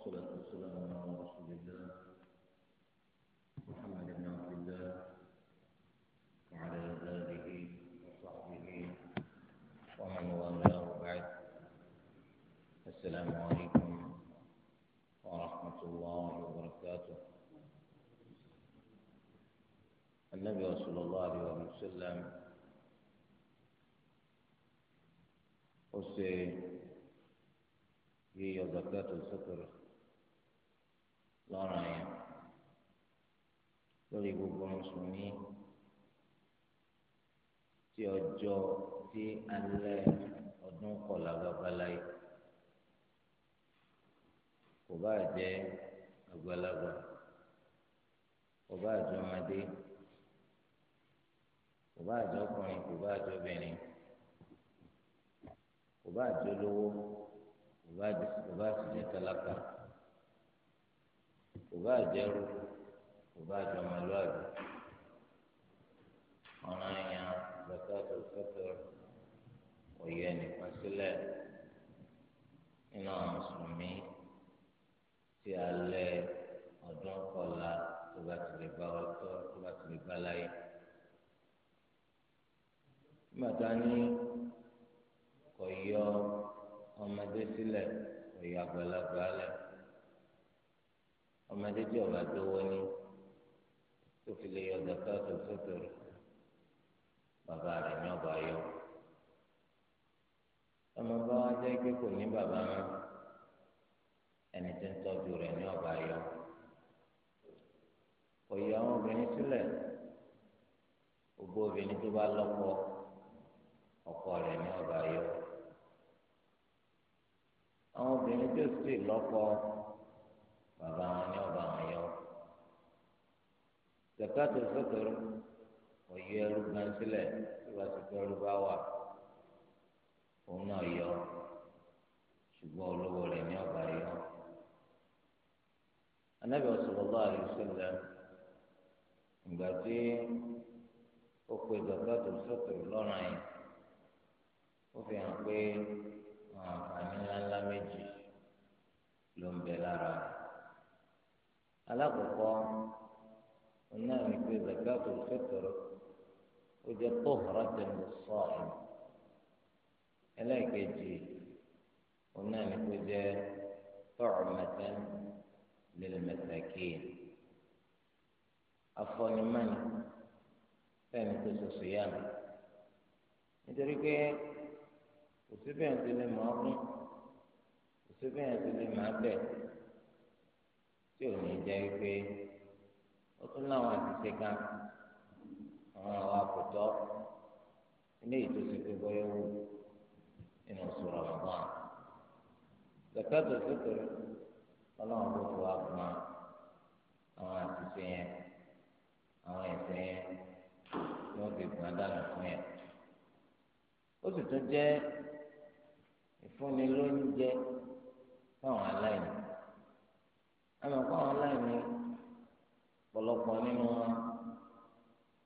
والصلاة والسلام على رسول الله محمد بن عبد الله وعلى آله وصحبه ومن والاه بعد السلام عليكم ورحمة الله وبركاته النبي صلى الله عليه وسلم أسي هي زكاة lọ́rọ̀ yẹn lórí gbogbo mùsùlùmí tí ọjọ́ tí alẹ́ ọdún kọlà babalá yìí kò bá jẹ́ àgbàlagbà kò bá jẹ́ ọmọdé kò bá jẹ́ ọkùnrin kò bá jẹ́ obìnrin kò bá jẹ́ olówó kò bá sì jẹ́ tálákà kò bá jẹ́rú kò bá jọ ọmọlúwàbí ọ̀ràn yẹn zakato fẹ́tọ̀ òye nìkan sílẹ̀ nínú àwọn mùsùlùmí tí alẹ́ ọdún kọlá tó bá ti lè bá ọtọ́ tó bá ti lè bá láyé. Màtá ní kò yọ ọmọdé sílẹ̀ kò yọ àgbàlagbà lẹ̀ ọmọdé tí ọba tó wọlé tó fi lè yọ zaka tó fẹtọrọ bàbá rẹ̀ ní ọba yọ ọmọ bá wá jẹ pé kò ní bàbá mọ́ ẹni tí ń tọ́jú rẹ̀ ní ọba yọ kò yọ àwọn obìnrin sílẹ̀ gbogbo obìnrin tó bá lọ́kọ ọkọ rẹ̀ ní ọba yọ àwọn obìnrin tó sì lọ́kọ. bàbá wọn ní ọba wọn yọ zakato sotoro ọyọ ẹrú gan tí wàá ti tọrọ bá wà òun náà yọ ṣùgbọ́n olówó rẹ̀ ní ọba yọ anabi sallallahu alaihi ìgbà tí ó pe zakato ó alákọ̀ọ́kọ́ náà ní pé to fetoro ó jẹ́ tóhùrọ̀ tẹ̀lé sọ́ọ̀rọ̀ ẹlẹ́ẹ̀kejì náà ní pé jẹ́ tọ́ọ̀mẹ́tẹ́ lẹ́lẹ́mẹ́tẹ́kìn afọ́nimánì fẹ́ẹ̀ni tó soso yá mi nítorí pé òsínbẹ̀yìn ti lè máa kún òsínbẹ̀yìn ti lè máa bẹ̀ẹ́. tí ò ní jẹ́ pé ó tún láwọn àtìsẹ́ kan àwọn àwọn àkùtọ́ ilé ìtòsí pé bọ́yọ̀ wù nínú oṣù Ramadan zakato fitiri ọlọ́run ló fi wá fún wa àwọn àtìsẹ́ yẹn àwọn ẹ̀ṣẹ̀ yẹn ni wọ́n gbọ́n dànù fún yẹn ó sì tún jẹ́ ìfúnni lóúnjẹ àmọ́ kọ́ àwọn aláìní pọ̀lọpọ̀ nínú wọn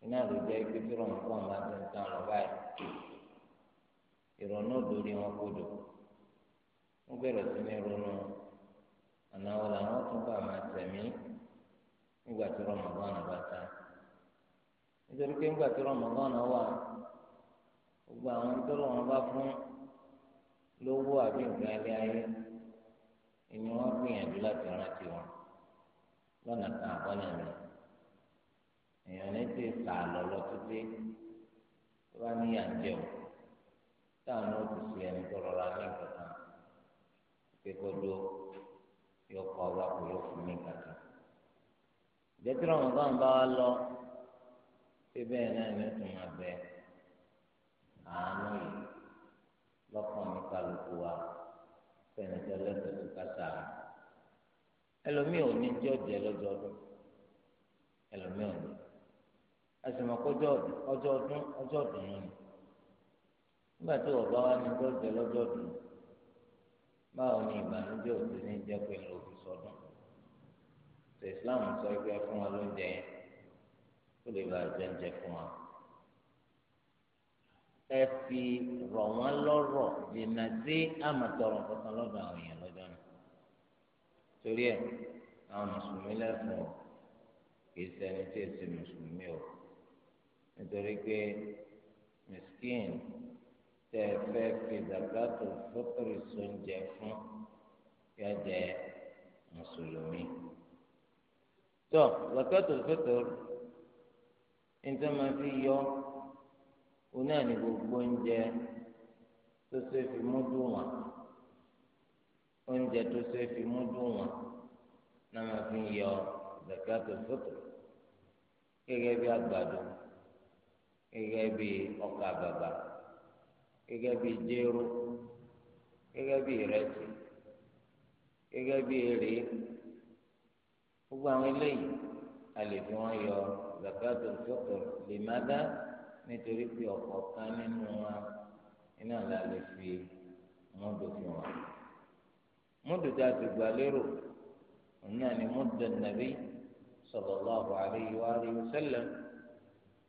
iná ló jẹ́ pé tí rọ̀ nǹkan máa ti ń tán lọ báyìí ìrònú òdòdó wọn kodò wọ́n bẹ̀rẹ̀ sí ní làwọn tún bá máa nígbà tí bá ta nítorí pé nígbà tí wà gbogbo àwọn tó bá fún lówó ìní wọn gbìyànjú láti rántí wọn lọ́nà kan àbọnà mi èèyàn ní ti sà lọ lọ títí tó bá ní yànjẹ o táwọn náà ti sè ẹni tó rọra ní nǹkan kan pé kó dúró yóò kọ wá kó yóò fún mi nǹkan kan ìjẹ́tí rọ̀mù bá wa lọ pé bẹ́ẹ̀ náà ni ó máa bẹ àánú yìí lọ́kàn mi kálukú wa. fẹ́ni tẹ́ lẹ́sẹ̀ tó ká sáà ẹlòmíì ò ní jẹ́ lọ́jọ́ ọdún ẹlòmíì ò ní ọjọ́ ọdún ọjọ́ ọdún ọba wa ní lọ́jọ́ ọdún báwo ni ìbànújẹ́ òsì ní jẹ́ pé ló fi sọdún sọ pé fún wa lóúnjẹ yẹn ó lè bá jẹ fún ẹ fi rọ̀ wọ́n lọ́rọ̀ dènà sí àmàtọ̀rọ̀ kankan lọ́dọ̀ àwọn èèyàn lọ́jọ́ náà torí ẹ̀ àwọn mùsùlùmí lẹ́fọ̀ọ́ kìí ṣẹni tí èsì mùsùlùmí o nítorí pé miskin tẹ ẹ fẹ́ fi zakato fọ́tòrì sóúnjẹ fún yọ jẹ mùsùlùmí tó zakato fọ́tòrì níta máa fi yọ onáà ní gbogbo oúnjẹ tó ṣe fi mú dùn wọn oúnjẹ tó ṣe fi mú dùn wọn náà máa fi yọ zakato fitr gẹ́gẹ́ bí àgbàdo gẹ́gẹ́ bí ọkà bàbà gẹ́gẹ́ bí jéró gẹ́gẹ́ bí ìrẹsì gẹ́gẹ́ bí èrè gbogbo àwọn eléyìí a lè fi wọn yọ zakato fitr lè má dá nítorí pé ọ̀kọ̀ọ̀kan nínú wa iná la lè fi múdù fi wọn. múdù tá a ti gbà lérò náà ni múdù nàbí sallallahu alaihi wa alihi wa sallam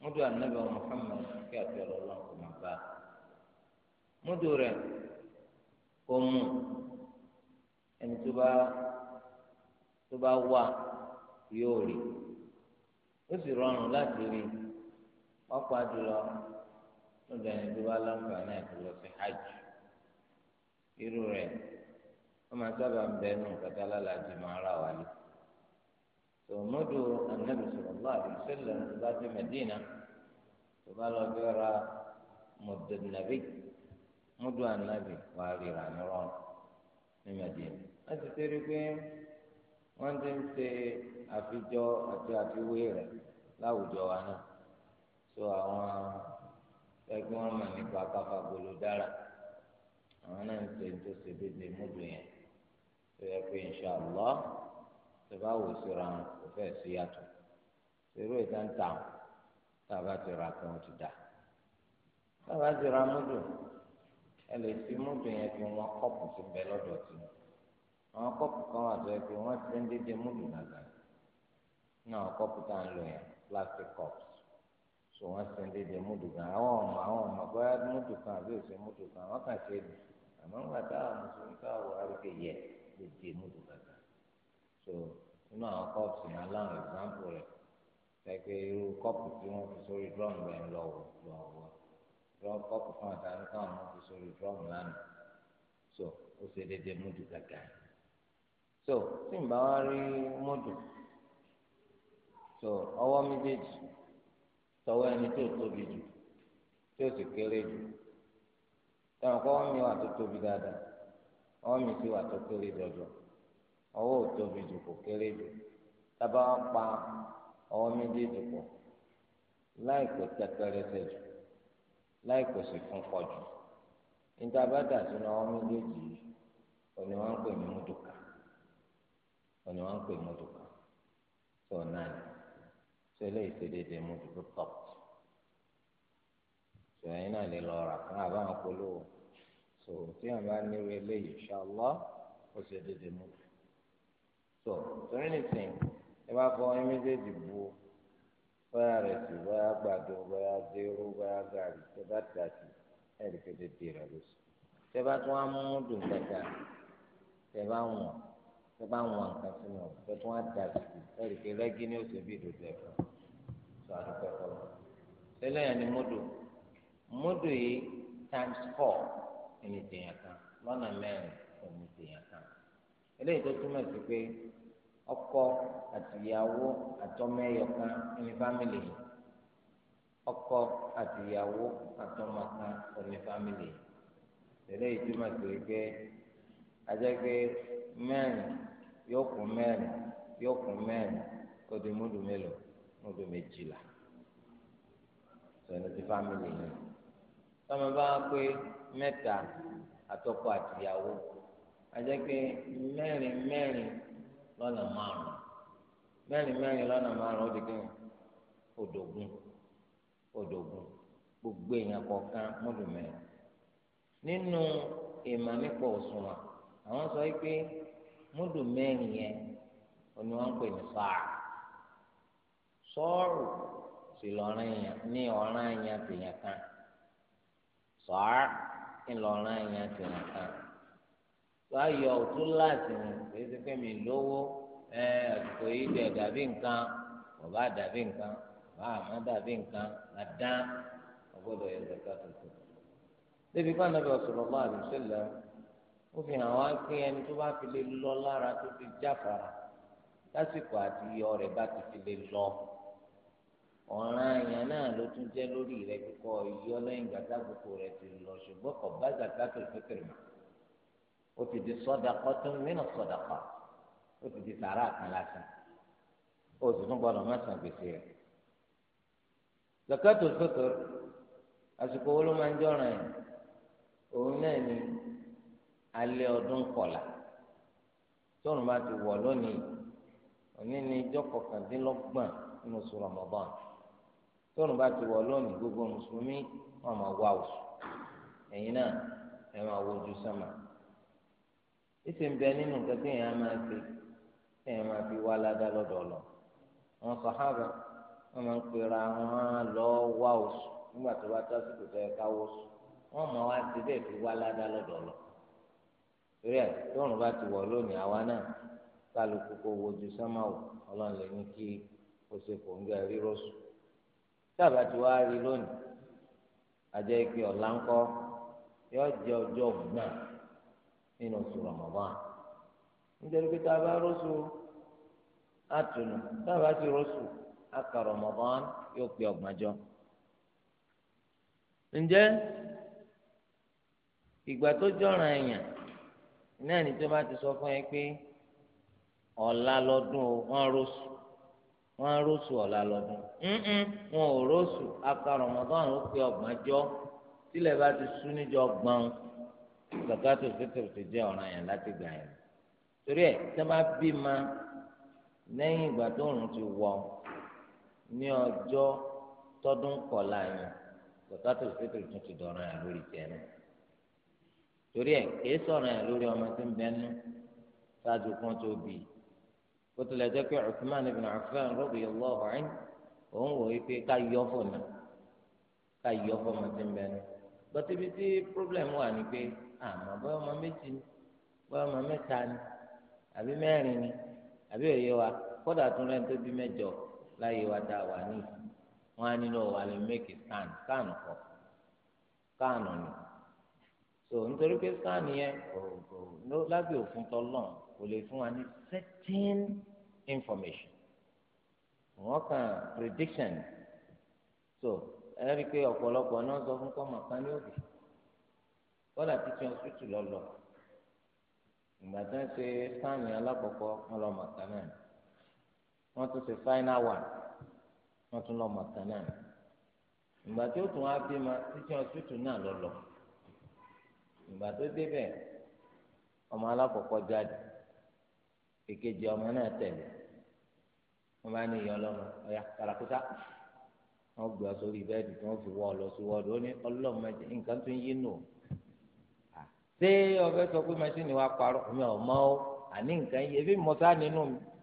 múdù ànábì Muhammad kí àti ọlọ́lá kò má bá a. múdù rẹ̀ kò mú ẹni tó bá tó bá wà yóò rí ó sì rọrùn láti rí i ọ̀pọ̀ àdúrà lọ́dọ̀ ẹni tó bá láǹfààní àti lọ sí hajj irú rẹ̀ wọ́n máa sábà ń bẹ nù kàtà lálàjì máa ra wà ní. tòmọ́dù anábì sallallahu alaihi wasallam tó bá dé Mẹ́dínà tó bá lọ bí ra mọ̀dọ̀ nàbí mọ́dù anábì wà rírà nírọ̀ ní Mẹ́dínà. wọ́n ti tẹ́rí pé wọ́n ti ń ṣe àfijọ́ àti àfiwé rẹ̀ láwùjọ wa náà so àwọn ẹgbẹ́ wọn mọ̀ nípa káfàgbolo dára àwọn náà ń ṣe tó ṣe déédéé múdù yẹn tó yẹ pé inṣàlọ́ tó bá wò síra wọn kò fẹ́ sí yàtọ̀ ṣerú ìtàǹtà tàbá ti ra kan ó ti dà tàbá ti ra múdù ẹ lè fi múdù yẹn fi wọn kọ́pù tó bẹ lọ́dọ̀ tì àwọn kọ́pù kan wà tó yẹ pé wọ́n ti ń déédéé múdù nàgbà náà kọ́pù tá à ń lò yẹn plastic cups. So, wọn ṣe ń dédé múdù kan àwọn ọmọ àwọn ọmọ bóyá múdù kan àbí òṣè múdù kan àwọn kàn ṣe nù àmọ́ ńgbà táwọn mùsùlùmí káwọ àríkè yẹ dédé múdù kankan so nínú àwọn kọ́ọ̀pù yẹn aláwọn ẹ̀gbáǹpù rẹ̀ pẹ̀pẹ́ irú kọ́ọ̀pù tí wọ́n fi sórí drọ́ọ̀mù rẹ̀ ń lọ wọ̀ lọ́wọ́ kọ́ọ̀pù fún àtàrí káwọn wọn fi sórí drọ́ọ̀mù lánàá so ó ṣe dédé múdù kankan so tí n bá wá rí múdù so ọwọ́ méjèèjì. tọwọ ẹni tó tóbi jù tí ó sì kéré jù táwọn kọ́ wọ́n wà tó tóbi dáadáa sì wà tó kéré jọjọ ọwọ́ ò tóbi jù kò kéré jù tábà wọn pa ọwọ́ méjèèjì pọ̀ láì kò jù láì sì fún pọ̀ jù níta bá dà sínú ọwọ́ méjèèjì òní wọn ń pè ní òní sẹlẹ̀ ìṣèdèdè mọ̀tòkò tọ̀pù sọ̀yìn náà lè lọ rà fún àbáwọn polówó so tí wọn bá nírú eléyìí ṣàlọ́ ó ṣe dédé mú so torí nìsín ẹ bá fọ ọyún méjèèjì bu bóyá rẹ sí bóyá gbàdo bóyá zero bóyá gàrí tẹ bá tà ẹ lè fi dédé rẹ lọ sí tẹ bá tún á mú dùn kankan tẹ bá wọn tó bá wọn nǹkan sínú tó tún wá dà sí ẹ̀rì pé rẹ́gí ni ó ṣe bí ìdòdò ẹ̀fọ́ tó àdúgbò ẹ̀fọ́ lọ. sẹ́lẹ̀ yẹn ni múdù múdù yìí times four ẹni tèèyàn kan lọ́nà mẹ́rin ẹni tèèyàn kan eléyìí tó túmọ̀ sí pé ọkọ àtìyàwó àtọmẹyọkan ẹni fámìlì yìí ọkọ àtìyàwó àtọmọkan ẹni fámìlì yìí eléyìí túmọ̀ sí pé. àjẹgbé mẹ́rin yóò kún mẹ́rin yóò kún mẹ́rin kó di múdù mélòó múdù ti fámìlì yẹn tọ́mọ bá mẹ́rin mẹ́rin márùn mẹ́rin mẹ́rin lọ́nà márùn ó gbogbo èèyàn kọ̀ọ̀kan múdù nínú àwọn sọ pé múdù mẹ́rin yẹn ni wọ́n ń pè ní fáà sọ́ọ̀rù sì yẹn ní ọ̀ràn yẹn kan sọ́ọ̀rù ní lọ́rùn yẹn tèèyàn kan tó ayọ̀ òtún láti ní pèsè pé mi lówó yìí dẹ̀ dàbí nǹkan bàbá dàbí nǹkan bàbá àmọ́ dàbí nǹkan ọgbọ́dọ̀ yẹn débi ó fi hàn wá pé ẹni tó bá fi lè lọ lára tó fi jáfara lásìkò àti iyọ ti fi lè lọ ọ̀ràn àyàn náà ló tún jẹ́ lórí rẹ̀ kíkọ iyọ lẹ́yìn gbàdágbòkò rẹ̀ ti lọ ṣùgbọ́n kò bá zakato mọ́ ó ti di sọ́dàkọ́ tó ń mìíràn sọ́dàkọ́ ó ti di sàrà kan ó sì tún gbọdọ̀ má san gbèsè rẹ̀ zakato àsìkò ló máa ń òun alẹ́ ọdún kọlà tóun bá ti wọ̀ lónìí òní ni ijọ́ kọkàndínlọ́gbọ̀n nínú oṣù Ramadan tóun bá ti wọ̀ lónìí gbogbo mùsùlùmí wọn máa wá oṣù ẹ̀yin náà ẹ máa wojú sánmà ìsìn bẹ nínú nǹkan tí èèyàn máa fi tí èèyàn máa fi wá ládàá lọ́dọ̀ lọ àwọn sàhábà wọn máa ń pera wọn lọ wá oṣù nígbà tó bá tásìkò tó yẹ ká wọ́sù wọn máa wá síbẹ̀ fi wá ládàá lọ́dọ̀ lọ. torí ẹ ụba bá ti wọ lónìí àwa náà kálukú kó wojú sámáwò ọlọ́run lè ní kí o ṣe kò ń gẹ rírọ́sù sábà tí wàá rí lónìí àjẹ́ ọla ọ̀la ńkọ́ yóò jẹ́ ọjọ́ gbọ̀n nínú oṣù Ramadan nítorí pé tá a ti ǹjẹ́ ìgbà tó jọ̀ràn náà ní tó bá ti sọ fún ẹ pé ọ̀la lọ́dún o wọ́n rọ́ọ̀sù wọ́n rọ́ọ̀sù ọ̀la lọ́dún wọn ò rọ́ọ̀sù akarọ̀ mọ́tọ́n ló pe ọgbọ̀n jọ tílẹ̀ bá ti sún níjọ gbọ́n zakato fitr ti jẹ́ ọ̀ràn yẹn láti gbà yẹn torí ẹ̀ tí wọ́n bá bí ma lẹ́yìn ìgbà tó òrùn ti wọ̀ ní ọjọ́ tọdún kọ̀ọ̀la yẹn zakato fitr tún ti dọ̀ràn yẹn lórí tiẹ̀ náà. torí ẹ kìí sọ̀rọ̀ yẹn lórí ọmọ tó ń bẹnu ṣáájú kan tó bì í ó tilẹ̀ jẹ́ pé Uthman ibn Affan radiyallahu anhu òun wò ó pé ká yọ fún mi ká yọ fún ọmọ tó ń bẹnu problem wà ni ọmọ mẹ́ta ni àbí mẹ́rin ni àbí òye wa kódà tún lẹ́nu tó bí mẹ́jọ láyé wa dá wà ní wọn á so nítorí pé scan yẹn lábẹ́ òfin tọ́lọ́n kò lè fún wa ní certain information wọ́n kàn prediction so ẹ rí i pé ọ̀pọ̀lọpọ̀ náà sọ fún kọ́mọ kan ní òbí kọ́dà teaching hospital lọ́lọ́ ìgbà tí wọ́n ṣe scan yẹn alákọ̀ọ́kọ́ wọn lọ màkà náà wọ́n tún ṣe final one wọ́n tún lọ màkà náà ìgbà tí ó tún wá bímọ teaching hospital náà lọ́lọ́ ìgbà tó débẹ̀ ọmọ alákọ̀ọ́kọ́ jáde èkejì ọmọ náà tẹ̀lé wọn bá ní ìyá ọlọ́mọ ọ̀yà kàràkútà wọn gbé ọ sórí bẹ́ẹ̀dì tí wọ́n fi wọ́ ọ lọ sí wọ́ọ̀dù ó ní ọlọ́mọdé nǹkan tó ń yí nù ṣé ọfẹ sọ pé mẹsìnì wa parọ́ mi ò mọ̀ ọ́ àní nǹkan yìí ebi mọta nínú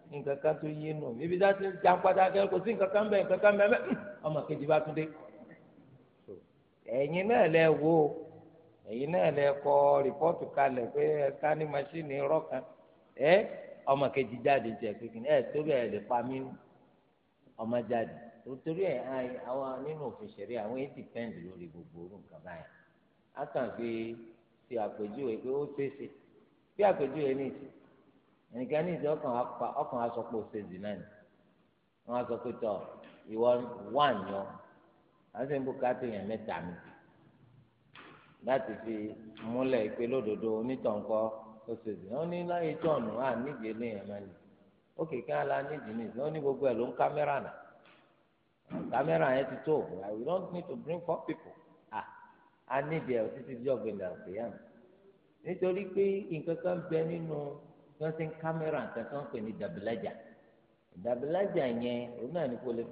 mi nǹkan kan tó yé nù mi ibi dáṣẹ jàǹpadà kẹ kò sí nǹkan kan bẹ nǹkan kan bẹ ọmọ kejì bá tún dé ẹ̀yin náà lẹ wo èyí náà lè kọ rìpọ́ọ̀tù kalẹ̀ pé ẹ̀ka ní masíìnì irọ́ jáde jẹ kékeré ẹ tó bẹ́ẹ̀ lè pa mí ọmọ jáde torí ẹ àwọn nínú òfin ṣẹ̀rí àwọn èyí dìpẹ́ǹdì lórí gbogbo orú nǹkan báyìí a kàn fi ti àpèjúwe pé ó ṣeéṣe bí àpèjúwe ní ìsìn ẹnìkan ní ìsìn ọkàn apá ọkàn aṣọ pé ó náà ni wọn á sọ pé tọ ìwọ wà ní ọ àti láti fi múlẹ̀ pé lódodo onítọ̀nkọ́ ó ṣe zina ó ní láyé jọ̀ọ̀nù á nídìí eléyàn máa lè ó kéka la nídìí nìyí gbogbo ẹ̀ ló ń kámẹ́rà nà kámẹ́rà yẹn ti tó we don't need to bring four people ah a nídìí ẹ̀ títí di ọ̀gbìnà àgbéyàmù nítorí pé nǹkan kan bẹ nínú tí wọ́n ti ń kámẹ́rà nǹkan kan pè ní yẹn òun náà ní kó lè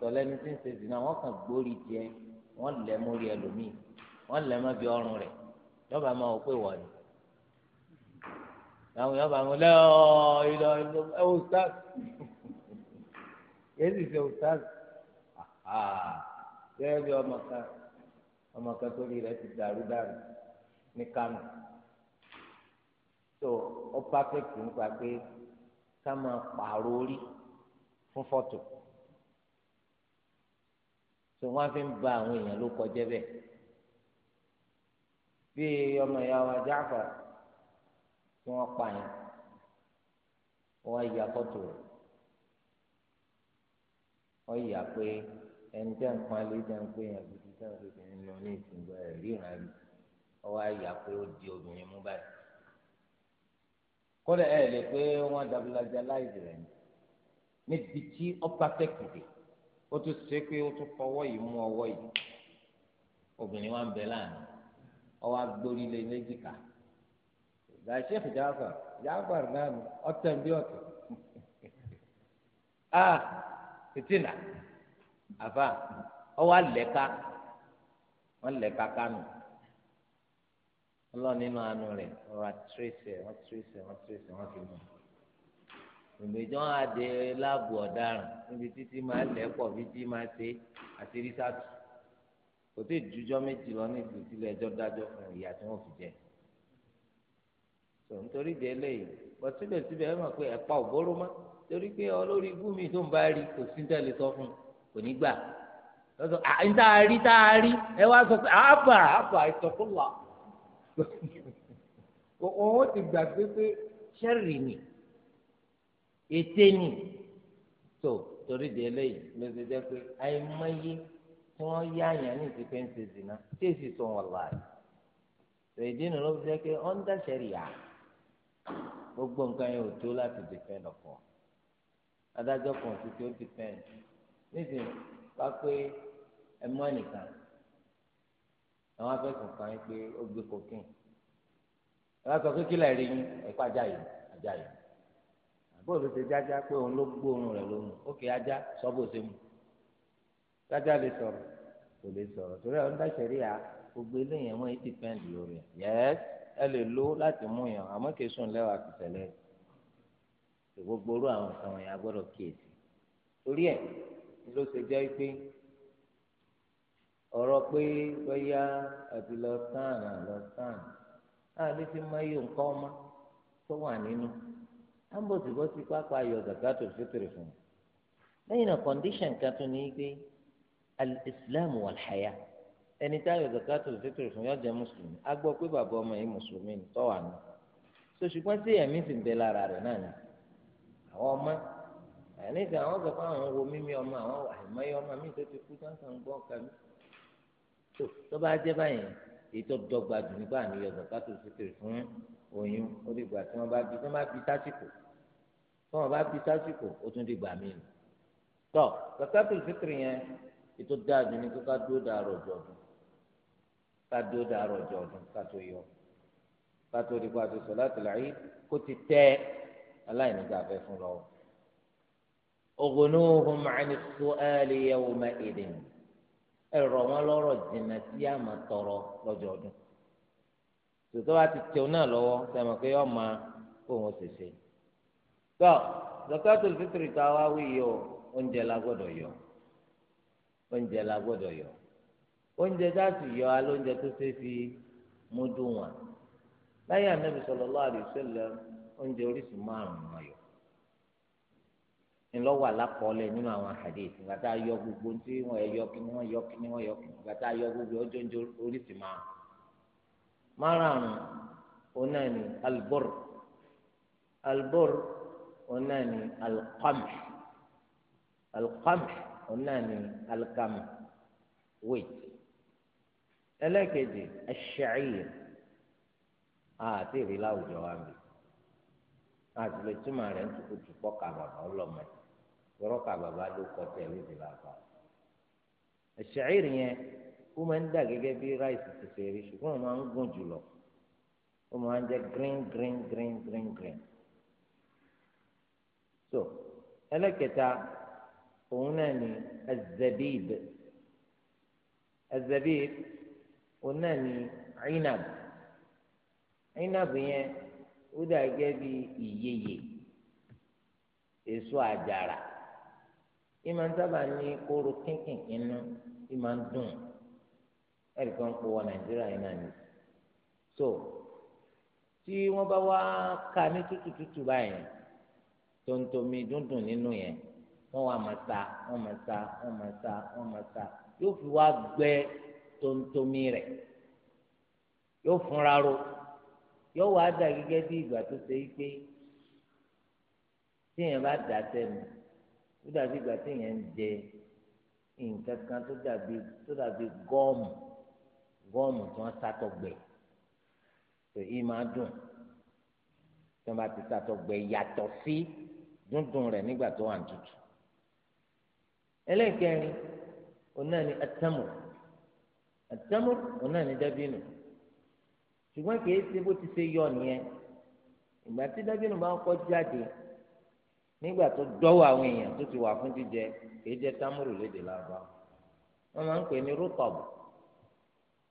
ọ̀tọ̀ lẹ́ni tí ń ṣe zina wọ́n kàn gbórí jẹ wọ́n lẹ̀ mórí ẹlòmíì wọ́n lẹ̀ mọ́ bí ọrùn rẹ̀ yọba máa wò pé wọ̀ ni làwọn yọba máa lẹ́ ọ́ ìlọ ìlọ ẹ wò stars yéé sì ṣe wò stars gẹ́gẹ́ bí ọmọ kan ọmọ kan tó rí rẹ̀ ti dàrú dàrú ní Kánò tó ọ pàkẹ́tì nípa pé ká máa pààrọ̀ orí fún fọ́tò so wọn fi ń ba àwọn èèyàn ló kọjá bẹ́ẹ̀ bí ọmọ ìyá wa jáfà tí wọn pa yẹn wọn yà fọ́tò rẹ̀ wọn yà pé ẹni tẹ́ ń palẹ tẹ́ ń pé yẹn gidi tẹ́ ń pè é nínú ní ìsìnkú ẹ ríran rí wọn yà pé ó di obìnrin mú báyìí kódà ẹ lè pé wọn dabulaja láìsí rẹ̀ níbi tí ọba fẹ́ kìdè. ó tún ṣe pé ó tún fọwọ́ yìí mú wa ń bẹ láàánú ọwọ́ agbórí lé léjìká ìgbà sẹ́ẹ̀kì jáfàr jáfàr náà ni ọ̀tẹ̀ bí a ah, fìtínà àfà ọwọ́ alẹ́ka wọ́n lẹ́ka kánú ọlọ́ọ̀ nínú àánú rẹ̀ ọ̀rọ̀ àtúrẹ́sẹ̀ wọ́n túrẹ́sẹ̀ wọ́n túrẹ́sẹ̀ wọ́n ìgbẹ́jọ́ adé láàbù ọ̀daràn níbi títí máa lẹ́pọ̀ bí tí máa ṣe àti rísàtù kò tí ì jújọ́ méjì lọ ní ìgbè tílé ẹjọ́ dájọ́ fún ìyá tí wọ́n fi jẹ nítorí ìdí eléyìí bọ́ síbẹ̀síbẹ̀ ẹ mọ̀ pé ẹ̀pà ò bóró mọ́ torí pé olórí ibú mi tó ń bá rí kò sí tẹ́lẹ̀ sọ fún kò ní gbà lọ́sọ̀ àyìn tá a rí tá a rí ẹ wá sọ pé àbà àbà ìtọ́kùnlá òun ó ti gbàgbé pé ṣẹ́rì ni eteni ni tó torí di eléyìí ló ti jẹ́ pé àìmọye tí wọ́n yá àyàn ní ìsìnkú si ṣe zìnà tí èsì tó wọn là á rèdí nù ló fi pé gbogbo nǹkan yẹn ò tó láti dìpẹ́ǹd ọ̀pọ̀ adájọ́ kan sì tó dìpẹ́ǹd nísìnyí wá pé ẹ mú àwọn afẹ́sùn kan pé ó gbé sọ pé kí yín ẹ ajá bóòlù ti jájá pé òun ló gbóòórùn rẹ̀ lóhùn ó kì í ajá sọ bó ṣe mu jájá lè sọ̀rọ̀ kò lè sọ̀rọ̀ torí àwọn dáṣẹ̀rí à gbogbo eléyìí wọn ti pẹ́ǹd lórí ẹ̀ yẹ́s ẹ lè lo láti mú yàn àmọ́ kì í sùn lẹ́wà kìtẹ̀lẹ́ gbogbo orú àwọn nǹkan wọ̀nyí agbọ́dọ̀ kíyèsí torí ẹ̀ ló ṣe jẹ́ pé ọ̀rọ̀ pé bóyá àti lọ tán àná lọ tán àná à ń bọ̀ síbọ̀ sí pápá ayọ̀ zakato fitiri fún un lẹ́yìn náà condition kan tún ní pé al musulmi wal ẹni tí ayọ̀ zakato fitiri fún so ṣùgbọ́n tí sì ń bẹ lára náà ni àwọn ọmọ ẹni àwọn sọ àwọn wo mímí ọmọ àwọn àìmọye ọmọ mi tó ti kú tó tó bá báyìí oyún ó di gbà tí wọ́n bá bí tí wọ́n bá bí tásìkò tí wọ́n bá bí tásìkò ó tún di gbà mí nù. tọ́ zakatul fitri yẹn ètò dáadé ni kó ká dúró dàárọ̀ ọjọ́ ọdún ká dúró dàárọ̀ ọjọ́ ọdún ká tó yọ ká tó di pàtó sọ̀láàtì láàyè kó ti tẹ́ aláìní ká fẹ́ fún lọ́wọ́. ogunuhum ani su'ali yawma idin ẹ̀rọ wọn lọ́rọ̀ jìnnà tí a tọrọ lọ́jọ́ ọdún tòtò wa ti tẹun náà lọ́wọ́ sẹmọ pé yọọ máa kó wọn ṣèṣe tọ zakatul fitiri tá a wá wí yìí o oúnjẹ la gbọ́dọ̀ yọ oúnjẹ la gbọ́dọ̀ yọ oúnjẹ tá a sì yọ alẹ oúnjẹ tó ṣe fi mú dùn wọn láyé ànábì sallallahu alaihi wasallam oúnjẹ oríṣi márùn wọn yọ ńlọwọ alákọọlẹ nínú àwọn hadith gbàtà yọ gbogbo ntí wọn yọ kí ni yọ kí ni yọ kí ni yọ gbogbo ọjọ́ oúnjẹ márààrún onáni albor albor onáni alqamh alqamh onáni alkama wait ẹlẹ́kẹ̀jì aṣ-ṣa'ir àti ìrìlá òjò wa mi àti lè túmọ̀ rẹ̀ ń tukutu pọ̀ ká bàbá ọlọ́mọ yìí rọ́ọ̀ká bàbá ló kọ́ tẹ̀lé ìdìbò àbá aṣ ó máa ń dà gẹ́gẹ́ bí ráìsì ti ṣe rí ṣùgbọ́n ó máa ń gùn jùlọ ó máa ń jẹ green green green green green so ẹlẹ́kẹta òun náà ni azabib azabib òun náà ni Ainab inab yẹn ó dà gẹ́gẹ́ bí ìyeyè èso àjàrà ìmọ̀ ń sábà ní kóró kínkìn inú ìmọ̀ ẹ̀rí kan kó wọ nàìjíríà yìí náà ni so tí wọ́n bá wá ka ní tútù tútù báyìí tontomi dundun nínú yẹn wọ́n wá máa sa wọ́n máa sa wọ́n máa sa wọ́n máa sa yóò fi wá gbẹ tontomi rẹ̀ yóò fúnra ro yóò wá dà gẹ́gẹ́ bí ìgbà tó ṣe pé téèyàn bá dà sẹ́nu ó dàbí ìgbà téèyàn ń jẹ nǹkan kan tó dàbí tó dàbí gọ́ọ̀mù gọ́ọ̀mù tí wọ́n sátọ̀ gbẹ tó yìí máa dùn tí wọ́n bá ti sátọ̀ gbẹ yàtọ̀ sí dúndùn rẹ̀ nígbà tó wà ń tutù ẹlẹ́kẹrin ọ̀nà ni atamu atamu ọ̀nà ni dábìnù ṣùgbọ́n kìí ṣe bó ti ṣe yọ nìyẹn ìgbà tí dábìnù bá ń kọ́ jáde nígbà tó dọ́wọ́ àwọn èèyàn tó ti wà fún jíjẹ kìí jẹ tamuru lédè lárúbá wọn máa ń pè ní rútọ̀bù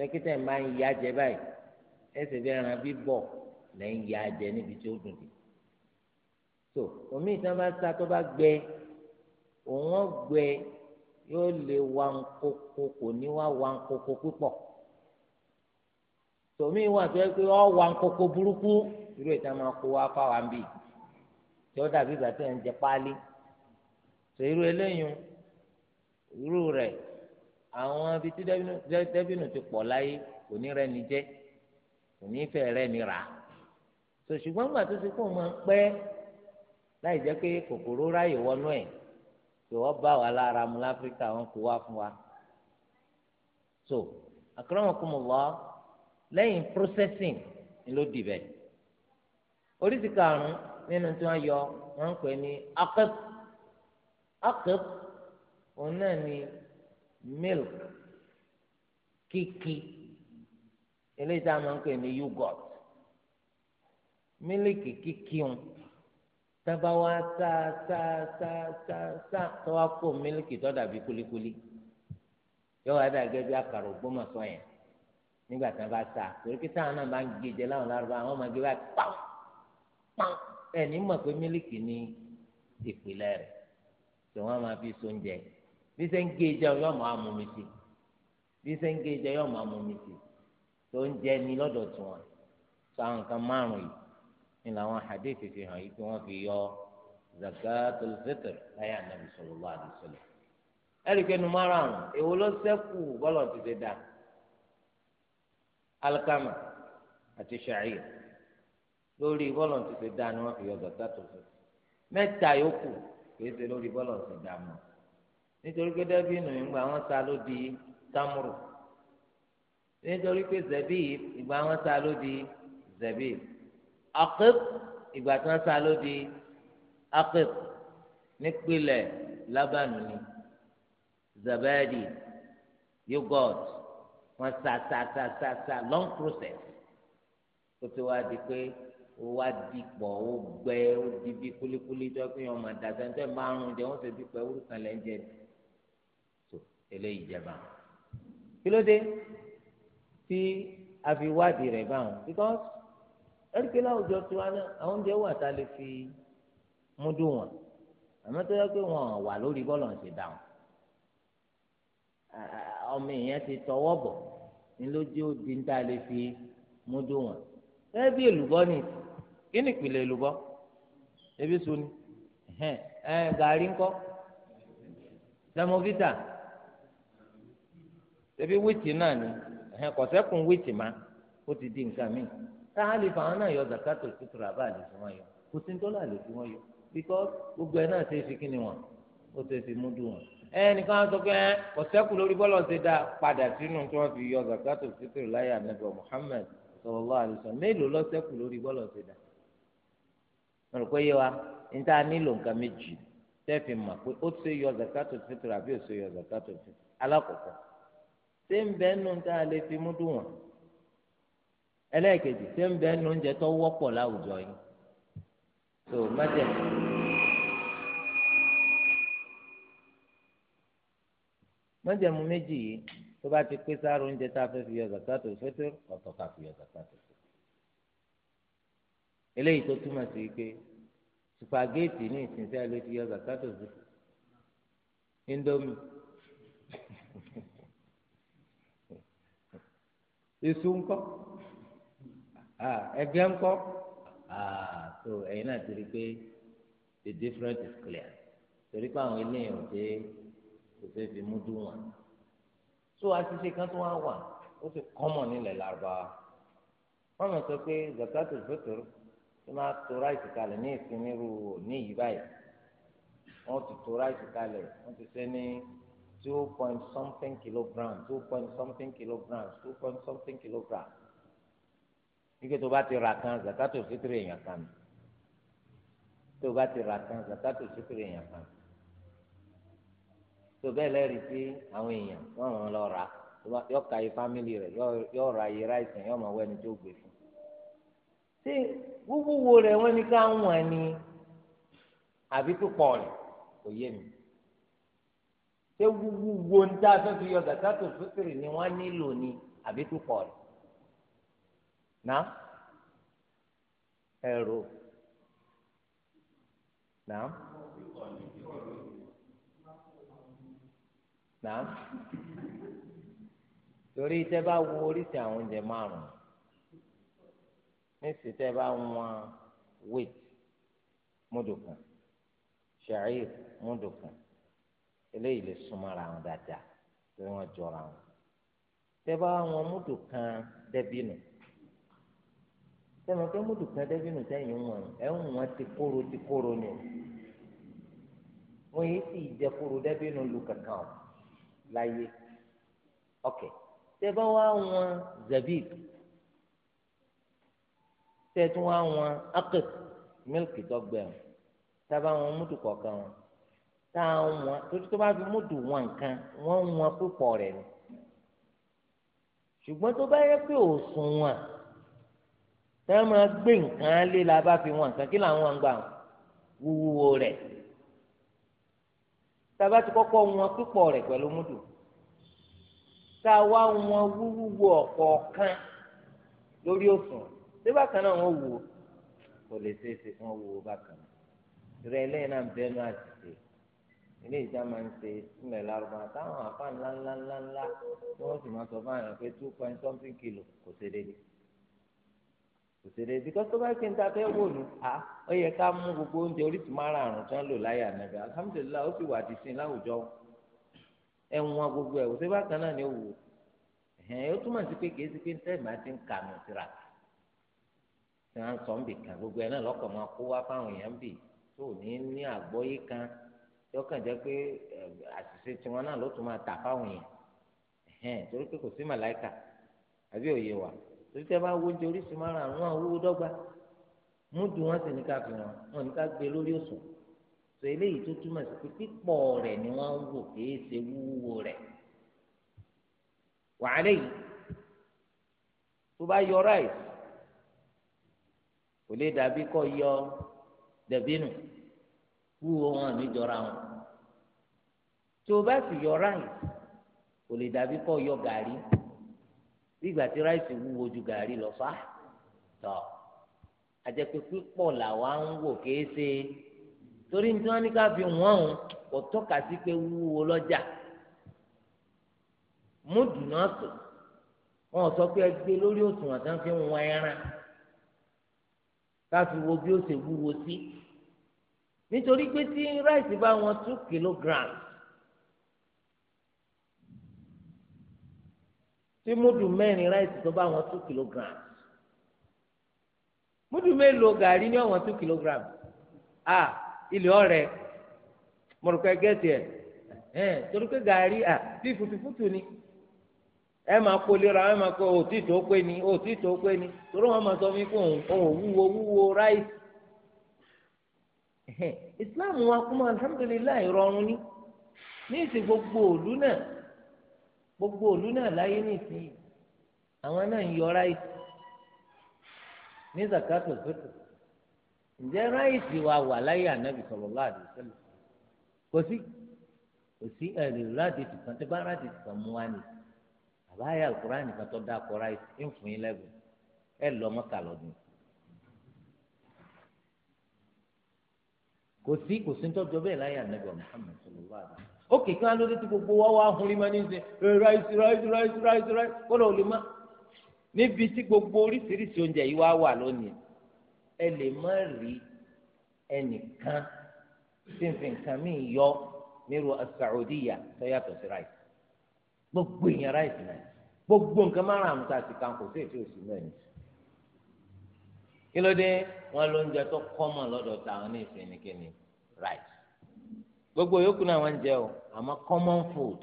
sẹ́kítẹ̀ máa ń ya jẹ báyìí ẹsẹ̀ bí ẹran bíbọ̀ lẹ́ ń ya jẹ níbi tí ó dùn dé so omi ìtàn bá sá tó bá gbẹ òun ó gbẹ yóò lè wà ń kókó kò ní wá wà ń kókó púpọ̀ tòmí wà tó yẹ pé ọ wà ń kókó burúkú irú ìtàn máa kó wá fáwọn bíi tí ó dàbí ìgbà tó yẹn ń jẹ páálí tò irú eléyìí irú rẹ̀ àwọn ibi tí dẹ́bìnù ti pọ̀ láyé kò ní rẹ́ ni jẹ́ kò ní fẹ́ rẹ́ ni rà á tò ṣùgbọ́n gbà tó ti kó máa ń pẹ́ láì jẹ́ pé kòkòrò ráàyè wọnú ẹ̀ tí wọ́n bá wà lára mu láfíríkà wọn kò wá fún wa so akramakumullah lẹ́yìn processing ni ló dìbẹ̀ oríṣi karùn-ún nínú tí wọ́n yọ wọ́n ń pè ní akẹ́p akẹ́p òun náà ni milk kiki, eléyìí tá a máa ń pè ní yogurt mílíkì kíkí ń tábà wá sá sá sá sá sá tó wá kó mílíkì tó dàbí kulikuli yóò wá dà gẹ́gẹ́ bí àkàrà Ògbómọ̀ṣọ́ yẹn nígbà tí wọ́n bá sá torí pé táwọn náà bá ń gbèjẹ láwọn lárúbá àwọn ọmọ ẹgbẹ́ bá pàm pàm ẹ̀ ní mọ̀ pé mílíkì ní ìpìlẹ̀ rẹ̀ tí wọ́n máa fi so oúnjẹ yìí. bí sẹ́ ń gé jẹun yóò máa mú mi bí ń gé jẹ ní wọn sọ àwọn nǹkan yìí ni làwọn hadith fi hàn yìí pé fi yọ zaga fitr láyé ànábi sallallahu alaihi wasallam ẹ̀ríkẹ́nu márùn èwo ló sẹ́kù bọ́lọ̀ ti alikama àti sha'ir lórí bọ́lọ̀ ti ni wọ́n fi yọ mẹ́ta nítorí pé dàbínù ìgbà wọn sá ló di támúrù nítorí pé zabib ìgbà wọn sá ló di zabib akib ìgbà tí wọn sá ló di akib nípìnlẹ̀ lábàánù ni zabadi yogurt wọn sá sá sá sá sá long process kó tó wá di pé ó wá di pọ̀ ó gbẹ ó di bí kulikuli tó kí wọn máa dàgbà nítorí márùn-ún jẹ wọn sì di pẹ̀ wúrúkàn lẹ́ńjẹ ni eléyìí jẹba kí ló dé tí a fi wádìí rẹ̀ báwọn because ẹ̀ríkẹ́ láwùjọ tiwa náà àwọn oúnjẹ wà tá a lè fi múdù wọn àmọ́ tó yẹ pé wọn wà lórí bọ́ọ̀lù ọ̀sẹ̀ dáhùn ọmọ èèyàn ti tọwọ́ bọ̀ ní lójú di ń tá a lè fi múdù wọn ẹ bí èlùbọ́ ni kí ni ìpìlẹ̀ èlùbọ́ ebi sùn ni ẹ gàrí ńkọ́ semovita ṣebí wíìtì náà ni ẹ̀hẹ́n kọ̀sẹ́kùn wíìtì má ó ti di nǹkan míì táwọn lè fa àwọn náà yọ zakato fitra bá lè fi wọn yọ kò sí dọ́là lè fi wọn yọ because gbogbo ẹ̀ náà ṣe é fi kí ni wọn ó ṣe é fi múdù wọn. ẹnìkan á sọ pé ẹ lórí bọ́lọ̀ ṣe dá padà sínú tí wọ́n fi yọ zakato fitra láyà nàbẹ Muhammad sallallahu alaihi wasallam mélòó lọ́sẹ̀kùn lórí bọ́lọ̀ ṣe dá. mo rò pé yé wa n ta nílò nǹkan méjì tẹ́ẹ̀fì mọ̀ pé ó ṣe yọ zakato fitra àbí ó ṣe yọ zakato fitra alákọ̀ọ́kọ́ ṣé ń bẹ nù tá a lè fi mú dùn wọn ẹlẹ́ẹ̀kejì ṣé ń bẹ nù oúnjẹ tó wọ́pọ̀ láwùjọ yìí tó mẹ́tẹ̀. mọ́jẹ̀mú méjì yìí tó bá ti pé sáárò oúnjẹ tá a fẹ́ fi yọ zakato fẹ́tẹ́ ọ̀tọ̀ ká fi yọ zakato fẹ́tẹ́. eléyìí tó túmọ̀ sí pé supageti ní ìsinsẹ́ ló ti yọ zakato fẹ́tẹ́. indomie èso ńkọ́ ah, ẹgbẹ́ ńkọ́ ah, so ẹ̀yin náà ti rí i pé the difference is clear torí pé àwọn eléyìí ò dé kò fẹ́ fi mú dùn wọn so àṣìṣe kan tó wá wà ó ti kọ́mọ̀ nílẹ̀ lárúbáwá wọ́n mọ̀ sọ pé zakatul fitr tó máa tó ráìsì kalẹ̀ ní ìsinmi rú ní yìí báyìí wọ́n ti tó ráìsì kalẹ̀ wọ́n ti sẹ́ ní two point something kilogram two point something kilogram two point something kilogram ike tó bá ti ra kan zakato fitiri èèyàn kan tó bá ti ra kan zakato fitiri èèyàn kan tó bẹ́ẹ̀ lẹ́rìí sí àwọn èèyàn wọ́n ràn án lọ rà yọ ka yìí fámìlì rẹ̀ yọ ra yìí ráìsì yọ mọ̀ wẹ́ni tó gbé fún ṣé wíwúwo rẹ̀ wọ́n ní ká wọ̀n ni àbí púpọ̀ rẹ̀ kò yé mi ṣé wúwo ń dá fẹ́ fi yọ zakato fitiri ni wọ́n nílò ni àbí tó pọ̀ rẹ̀ ná ẹ̀rọ ná ná torí tẹ́ bá wo oríṣi àwọn oúnjẹ márùn-ún níṣìí tẹ́ bá wọn wait múdù kan ṣàìr eléyìí lè súnmọ́ra wọn dáadáa pé wọ́n jọra wọn. tẹ́bá wọn múdù kan dẹ́bínú tẹ́mọ̀ pé múdù kan dẹ́bínú sẹ́yìn wọn ẹ̀ ń wọn ti kóró ti kóró ni wọ́n yìí sì jẹ́ kóró dẹ́bínú lu kankan o láyé ọ̀kẹ́ tẹ́bá wá wọn zabib tẹ́tún wọn akẹ́kọ̀ọ́ mílíkì tó gbẹ̀rún tẹ́bá wọn múdù kọ̀ọ̀kan wọn tá a wọn torí tó bá fi múdù wọn nǹkan wọ́n ń wọn púpọ̀ rẹ̀ ni ṣùgbọ́n tó bá yẹ pé òṣùwọ̀n tá a máa gbé nǹkan lé la bá fi wọn nǹkan kí làwọn ń gbà wúwo rẹ̀ tá a bá ti kọ́kọ́ wọn púpọ̀ rẹ̀ pẹ̀lú múdù tá a wá wọn wúwo ọ̀kọ̀ọ̀kan lórí òṣùwọ̀n ṣé bákan náà wọ́n wò ó kò lè ṣe é ṣe fún wọn wò ó bákan náà ìrẹ̀lẹ́yìn náà bẹ́ẹ̀ náà ti ilé ìjà máa ń ṣe ilẹ̀ lárúbá táwọn àfa ńlá ńlá ńlá ńlá tí wọ́n sì máa sọ fún àyàn pé two point something kilo kò ṣe déédéé kò ṣe déédéé bíkọ́ tó bá ṣe ń ta fẹ́ wò ní à ó yẹ ká mú gbogbo oúnjẹ oríṣi márààrún tí wọ́n lò láyà nàbẹ alhamdulilayi ó sì wà di sin láwùjọ ẹ̀wọ̀n gbogbo ẹ̀ òṣèlú bákan náà ni ó wù ẹ̀hìn ó túmọ̀ sí pé kìí sí pé tẹ́ ìmá ti ń kà nù síra tí wọ́n sọ ń bì kan gbogbo ẹ̀ náà lọ́kọ̀ máa kó wá fáwọn èèyàn bì tó ní ní àgbọ́yé kan yọkàn jẹ́ pé àṣìṣe tiwọn náà ló tún máa tà fáwọn yẹn torí pé kò sí màláìkà àbí òye wa torí tẹ́ bá wọ́n torí sí dọ́gba múdù wọn gbé lórí sọ eléyìí tó túmọ̀ sí pé pípọ̀ rẹ̀ ni wọ́n ń wò kìí ṣe wúwo rẹ̀ yìí yọ ráìsì kò lè dàbí kọ́ yọ dẹ̀bínú. wúwo wọn ní jọra wọn tí o bá sì yọ ráìsì kò lè dàbí kọ́ yọ gàrí bígbà tí ráìsì wúwo ju gàrí lọ fà tọ́ àjẹpé pípọ̀ làwa ń wò kéése torí ní tí wọ́n ní ká fi wọ́n o kò tọ́ka sí pé wúwo lọ́jà múdù náà tó wọn sọ pé ẹgbẹ́ lórí òṣùwọ̀n tí wọ́n fi ń wọn ẹran ká fi wo bí ó ṣe wúwo sí. Si nítorí pé tí ráìsì bá wọn two kilograms tí múdù mẹ́rin ráìsì tó bá wọn two kilograms múdù mélòó gàrí ní ọ̀wọ́n two kilograms a ilé ọ̀rẹ́ mọ̀rùkọ́ gẹ́tì ẹ̀ torí pé gàrí à bí fùtùfùtù ni ẹ lera ẹ máa kó pé ni pé ni torí wọn máa sọ fún òun òun wúwo islam wa kúmọ alhamdulilayi rọrùn ni ní ìsìn gbogbo òlu náà gbogbo òlu náà láyé ní ìsìn àwọn náà ń yọ ráìtì ní zakato fẹtọ ǹjẹ́ ráìtì wa wà láyé ànábì sallallahu alaihi wasallam kò sí kò sí ẹ̀rí ráàdì tìkan tí bá ráàdì tìkan mú wa ni àbáyé àlùkùránì nìkan tó dáa kọ ráìtì ń fún yín lẹ́bùn ẹ lọ mọ́kà lọ́dún kò sí kò sí tọ́jú bẹ́ẹ̀ láyé ànágbà Muhammad sọlọ́wọ́ ó kékeré gbogbo wa wá hun rímọ ní ṣe ráìsì ráìsì ráìsì ráìsì ráìsì kọ́lọ̀ ò gbogbo oríṣiríṣi oúnjẹ yìí wá wà lónìí ẹ lè má rí ẹnìkan tí n fi yọ nírú tó yàtọ̀ sí gbogbo èèyàn gbogbo nǹkan márùn-ún kò kí ló dé wọn ló ń jẹ tó kọmọ lọ́dọ̀ táwọn ní ìsinmi kìíní gbogbo yòókù náà wọn ń jẹ o àmọ́ common food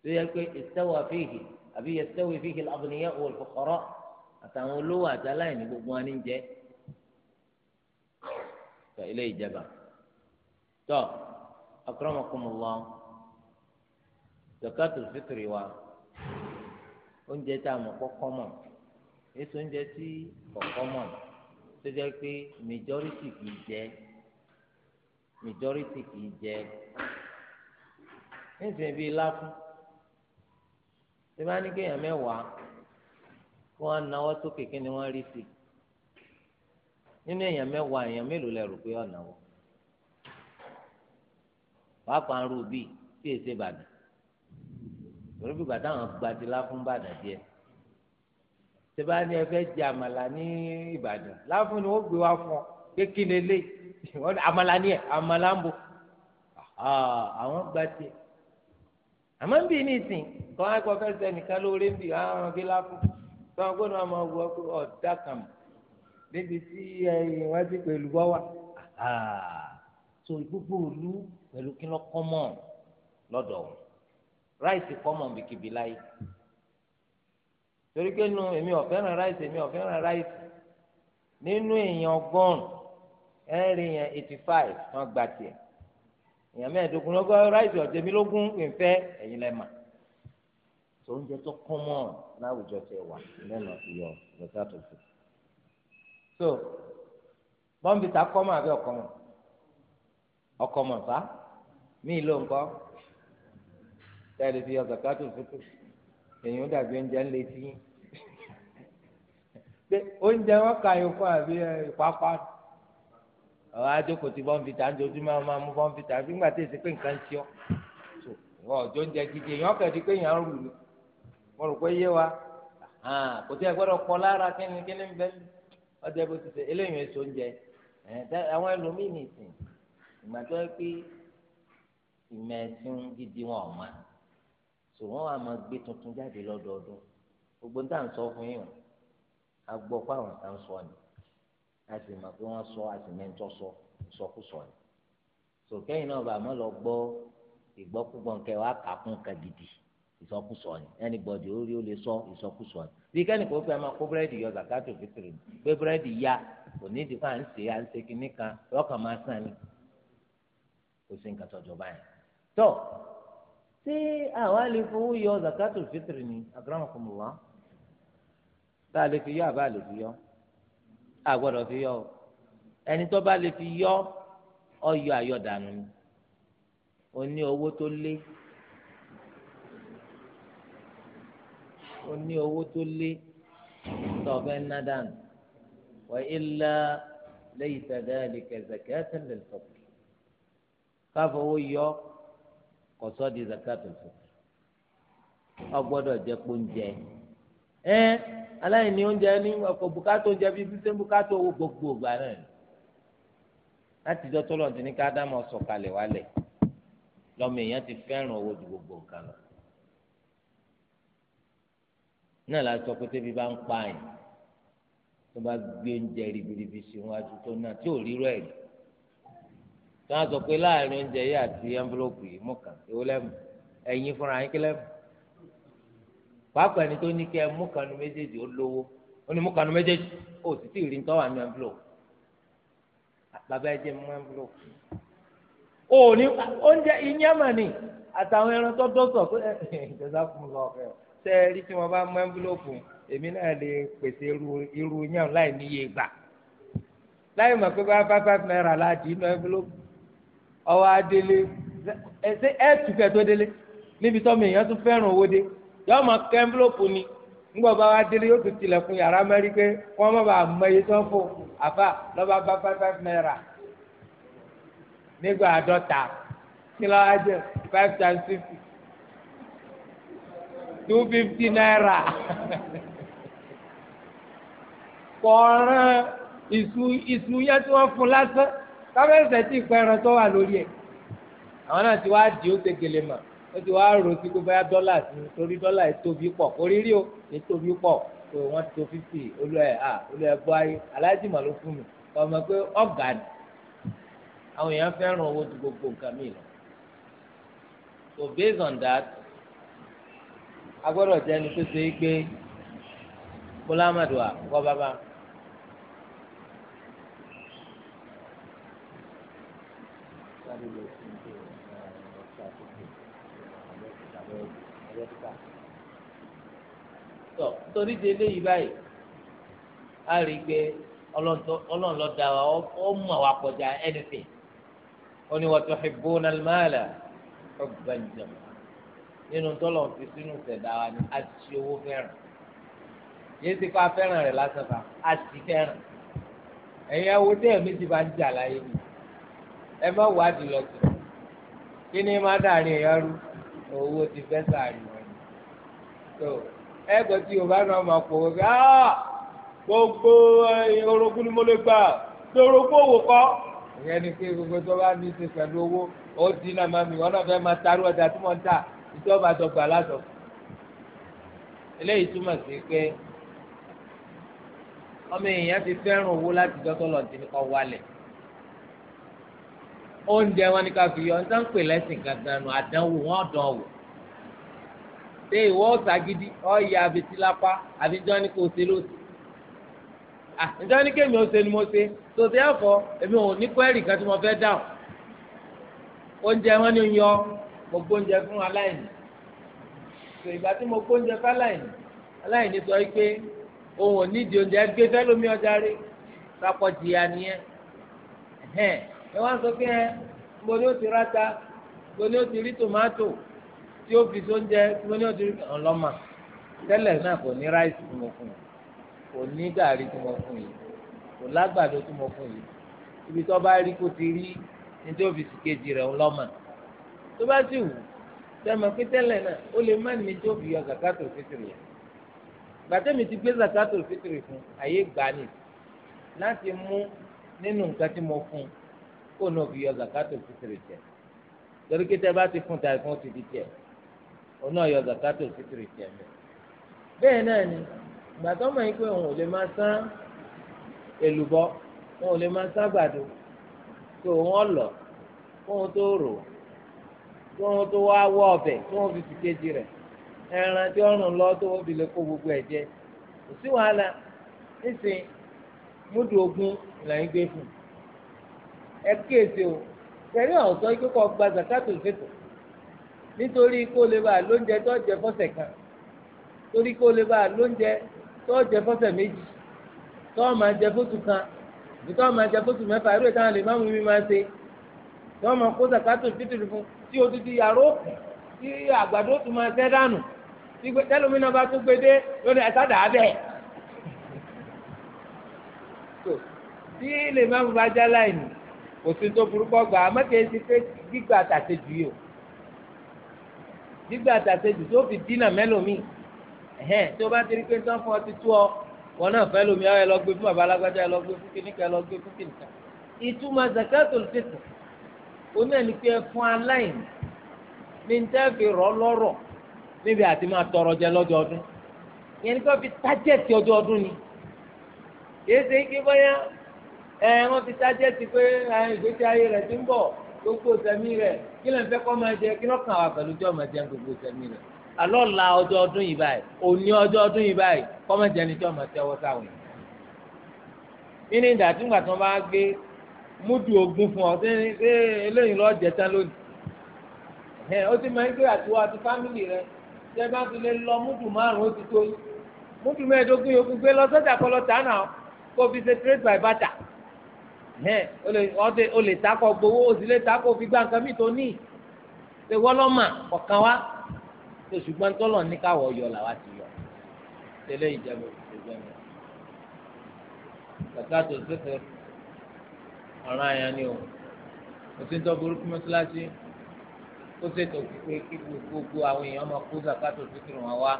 tó yẹ pé istawa fihi àbí yastawi fihi al-aghniya wal-fuqara àtàwọn olówó àtàláì ní gbogbo wọn ní jẹ tó ilé ìjẹba tó akramakumullah zakatul fitri wa oúnjẹ tá a mọ̀ kọ́ kọ́mọ̀ èso oúnjẹ tí kọ̀ọ̀kan mọ̀ tó jẹ́ pé majority kì í jẹ majority kì í jẹ nísìnyí bíi láfún tí bá ní kéèyàn mẹ́wàá kí wọ́n náwó sókè kí ni wọ́n rí sí nínú èèyàn mẹ́wàá èèyàn mélòó lẹ rò pé ọ̀nà wọ̀ pàápàá rú bíi tí èsè bàdàn torí bí gbàdá àwọn gba ti láfún bàdàn díẹ̀ tẹ́bá ní ẹgbẹ́ jẹ àmàlà ní Ìbàdàn láàfin ni wọ́n gbé wá fún ọ pé kí ni lé àmàlà ni ẹ̀ àmàlà ń bọ̀ àwọn gba tiẹ̀ àmọ́ ń bì ní ìsìn kọ́ ẹ̀kọ́ fẹ́ sẹ́nìkan lóore ń bì àwọn kí láfún tí wọ́n gbọ́dọ̀ máa wọ ọ̀dà kàmù níbi tí wọ́n ti pè lùbọ́ wa so gbogbo òlu pẹ̀lú kí lọ́ kọ́mọ̀ lọ́dọ̀ wọn ráìsì kọ́mọ̀ bìkìbì torí pé nu èmi ò fẹ́ràn ráìsì èmi ò fẹ́ràn ráìsì nínú èèyàn ọgọ́rùn-ún ẹ̀rí yẹn eighty five wọ́n gba tiẹ̀ èèyàn mẹ́ẹ̀ẹ́dógún lọ́gọ́ ráìsì ọ̀jẹ̀ mi lógún ìfẹ́ ẹ̀yin lẹ́ẹ̀ma tó oúnjẹ tó kún mọ́ láwùjọ tẹ wà lẹ́nu ìyọ̀ lọ́sà tó fi so bọ́ǹbìtà kọ́mọ àbí ọ̀kọ́mọ ọ̀kọ́mọ sá mí ló ń kọ́ tẹ́lifí ọ̀sán ká tó fi tó fi. èyàn dàbí oúnjẹ ń létí pé oúnjẹ wọn kà yín fún àbí ìpápá ọ̀rọ̀ ti bọ́ǹfìtà ń dojúmọ́ tí èsì pé nǹkan ń ṣe pé rò pé yé wa kò tí ẹ gbọ́dọ̀ kọ́ lára kíni kíni ń bẹ́ ti ṣe eléyìí èso oúnjẹ àwọn ẹlòmíì nìsín ìgbà tó yẹ pé ìmẹ̀sìn gidi sọ wọn wà máa gbé tuntun jáde lọ́dọọdún gbogbo níta ń sọ fún yìí a gbọ́ pé àwọn kan sọ ni a sì mọ̀ pé wọ́n sọ a sì mẹ́ńtọ́ sọ ìsọkúsọ ni sòkẹ́yìn náà bàá mọ́ lọ gbọ́ ìgbọ́kúgbọ̀n kẹ́ wàá kà fún nǹkan gidi ìsọkúsọ ni anybody ó rí ó lè sọ ìsọkúsọ ni bí kẹ́nìkó fẹ́ máa kó búrẹ́dì yọ zakato fitiri pé búrẹ́dì ya kò ní ìdíkọ́ à ń ṣe à ń ṣe kínní kan lọ́kàn máa sàn ni kò sí nǹkan tọ́jọ́ báyìí tó ṣé àwa lè fowó yọ zakatul fitiri ni akramakumullah tá a lè fi yọ àbá lè fi yọ a gbọ́dọ̀ fi yọ o ẹni tó bá lè fi yọ ọyọ àyọdànù ni o ní owó tó lé o ní owó tó lé tó o fẹ́ ná dànù wa illa laysa dhalika zakatan lil yọ kọsọ di zakatul fitr ọgbọ́dọ̀ jẹ kóúnjẹ ẹ aláìní oúnjẹ ní ọkọ bùkátà oúnjẹ bíi fífẹ bùkátà owó gbogbo ìgbà náà láti dọ́tọ́ lọ́n ti ní ká dá mọ́ sọ̀kalẹ̀ wálẹ̀ lọ́mọ èèyàn ti fẹ́ràn owó ju gbogbo nǹkan lọ. náà la sọ pé tẹ́bí bá ń pa àyàn tó bá gbé oúnjẹ ribiribi sí iwájú tó náà tí ò rírọ̀ ẹ̀rí tí wọ́n sọ pé láàrin oúnjẹ yìí àti envelope yìí mú kàn èwo lẹ́mu ẹ̀yin fúnra yín kí lẹ́mu pàápàá ẹni tó ní kí ẹ mú kanu méjèèjì ó lówó ó ní mú kanu méjèèjì ó sì ti rí ní tọ́wọ́ àánú envelope bàbá ẹ jẹ́ mú envelope ó ní oúnjẹ iyán mà ní àtàwọn ẹran tó dọ́sọ̀ pé ìjọba kún un lọ ọ̀fẹ́ tẹ́ ẹ rí tí wọ́n bá mú envelope èmi náà lè pèsè irú yàn láì níye gbà láì mọ̀ pé bá five five naira láti inú envelope ọwọ́ adélé ẹsẹ ẹtùkẹ́ tó délé níbi tọ́mọ èèyàn tún fẹ́ràn owó dé yọọ ma kẹ́ ẹ́ńfúlọ́pù ni ńgbọ́ bá wá délé yóò tún tilẹ̀kùn yàrá mẹ́rin pé wọ́n má bàa mọ iye tó ń fò àbá lọ́ba bá five five naira nígbà àádọ́ta kí ló wá jẹ five times fifty two fifty naira kọ̀ọ̀ràn ìsú ìsú yẹn tí wọ́n fún lásán káfẹ́sẹ̀ tí ìpẹ́ran tó wà lórí ẹ̀ àwọn náà ti wá di ó ṣe gèlè mà ó ti wá rò sí pé bóyá dọ́là sí torí dọ́là yìí tóbi pọ̀ oríire o yìí tóbi pọ̀ pé wọ́n tó fífi olú ẹ̀ à olú ẹ̀ bọ́ ayé alájìmọ̀ ló fún mi ọmọ pé ọ̀gá ni àwọn èèyàn fẹ́ràn owó ju gbogbo nǹkan mi lọ so based on that agbọ́dọ̀ jẹ́ ẹni tó ṣe é gbé kólámàdùá kọ́ bábá. tọ nítorí di eléyìí báyìí a rí i pé ọlọ́run ló dá wa ó mọ̀ wá kọjá anything ó ní wa tuhibbuna al-mala hubban jamma nínú tọ́lọ̀ fi sínú ṣẹ̀dá wa ni a ti owó fẹ́ràn yéé ti pa fẹ́ràn rẹ̀ lásán fa a ti fẹ́ràn ẹ̀yin awo tẹ́ méjì bá ń jà láyé nìyí ẹ má wádìí lọ sọ kí ni má dàrí ẹ̀yà rú owó ti fẹ́ sàárì wọn ni tó ẹ gbọ́ tí yorùbá náà máa pọ̀ wọ́n pé áá ah, gbogbo eh, orogún ni mo lè gbà pé orogún òwò kọ́ ìyẹn ni pé gbogbo tó bá ní í ṣe pẹ̀lú owó ó dín náà má mi wọn náà fẹ́ máa tarú ọjà tí mo ń tà ìjọba àjọgbà lásọ̀ eléyìí túmọ̀ sí pé ọmọ èèyàn ti fẹ́ràn owó láti dọ́tọ́ lọ́ọ̀tì ní kọ́ wálẹ̀ oúnjẹ wọn ni ká fi yọ nítorí pé lẹ́sìn gangan nù àdánwò wọn dán wò ṣé ìwọ ọ̀sàgídí ọ̀yà abetí lápá àbí nítorí ní kò ṣe lóṣù ah nítorí ní kémi ọ̀ṣẹ́ ni mo ṣe tòṣe ẹ̀fọ́ èmi ò ní kwẹ́rì kan tí mo fẹ́ dáhùn oúnjẹ wọn ni yọ mo gbóúnjẹ fún aláìní sọ ìgbà tí mo gbóúnjẹ fún aláìní aláìní sọ pé òun ò nídìí oúnjẹ gbé fẹ́ lómi ọjà rí sápọ̀ jìyà nìyẹn ẹ wá sọ pé ẹ gbogbo ni ó ti ráta gbogbo ni ó ti rí tòmátò tí ó fi sóúnjẹ gbogbo ni ó ti rí ọlọ́mà tẹ́lẹ̀ náà kò ní ráìsì tí mo fún yìí kò ní gàrí tí mo fún yìí kò lágbàdo tí mo fún yìí ibi tó bá rí kó ti rí ní tí ó fi sìkejì rẹ̀ ńlọ́mà tó bá sì wù sẹ́mi pé tẹ́lẹ̀ náà ó lè má ní tó fi yọ zakato fitiri yẹn gbàtẹ́mi ti gbé zakato fitiri fún àyè gbani láti mú nínú nǹkan tí mo fún kó náà fi yọ zakato fitiri jẹ torí kété bá ti fún tàìfún ti di jẹ òun náà yọ zakato fitiri jẹ mi bẹ́ẹ̀ náà ni gbàtọ́ mọ̀ yín pé òun ò lè máa sán èlùbọ́ òun ò lè máa sán àgbàdo tó òun ọ̀lọ̀ fóun tó rò tóun tó wá wọ ọbẹ̀ tóun fi fìkejì rẹ̀ ẹran tí ọrùn lọ tóun fi lè kó gbogbo ẹ̀ jẹ kò sí wàhálà nísìnyí múdù ogun là gbé fún un ẹ kíyèsí o tẹ̀lé àwọn sọ pé kò gba zakato fètò nítorí kó lè bá lóúnjẹ tó jẹ fọ́sẹ̀ kan torí kó lè bá lóúnjẹ tó jẹ fọ́sẹ̀ méjì tó máa jẹ fóṣù kan ìtọ́ máa jẹ fóṣù mẹ́fà irú ìtàn lè má mú mi máa ṣe tó máa kó zakato fètò fún tí o ti di yàrá òkè tí àgbàdo tó máa ṣẹ́ dànù tẹlifíńdà bá tún gbé dé lórí ẹ̀ta dàá tí lè má mú bá já láì nìí òsì tó burúkú gbà àmọ́ kìí ṣe pé gbígbà àtàtẹ́jù yìí o gbígbà àtàtẹ́jù tó fi dínà mẹ́lòmíì ẹ̀hẹ́n tí o bá ti rí pé tán fún ọ ti tú ọ wọn náà fẹ́ lomi ọ ẹ lọ gbé fún bàbá alágbájá ẹ lọ gbé fún kìnìkan ẹ lọ gbé fún kìnìkan ìtumọ̀ zakatul fitr o náà ní pé fún aláìní ní n tẹ́ fi rọ́ lọ́rọ̀ níbi àti máa tọrọ jẹ lọ́dọọdún yẹn ní kí wọ́n fi tájẹ̀tì ọdọọdún ni kì í ṣe kí bọ́yá ẹ wọn ti sájẹ ti pé ìgbésí ayé rẹ ti ń bọ̀ gbogbo sẹmi rẹ kí lè fẹ́ kọ máa jẹ kí lọkàn wà pẹ̀lú tí ọmọ jẹ gbogbo sẹmi rẹ alọ la ọjọ́ ọdún yìí báyìí òní ọjọ́ ọdún yìí báyìí kọ máa jẹ ní tí ọmọ tẹ́wọ́ sáwọn yìí. nínú ìdá tí ngbà tí wọn bá gbé múdù ogun fún ọ ṣé ṣé eléyìí lọ jẹ tán lónìí. ẹ ó ti máa ń gbé àtiwọ́ àti fámìlì rẹ ṣé bá ti lè lọ múdù márùn ó ti tó yìí múdù mẹ́ẹ̀ẹ́dógún yòókù gbé lọ sọ́jà kọlọ́tà náà kó fi ṣe trade by barter o lè takọ gbowó o sì lè takọ fi gbá nǹkan mi tó ní ṣe wọ́lọ́mà kọ̀kan wá ṣe ṣùgbọ́n tọ́lọ̀ ní káwọ̀ yọ làwa ti yọ tẹ́lẹ̀ ìjẹun ìjẹun ìjẹun kàkà tó ṣẹṣẹ ọ̀ràn àyàn ni o o ti ń tọ́ burúkú mọ́ṣáláṣí ó ṣètò pé kí gbogbo àwọn èèyàn máa kó zakato fitiri wọn wá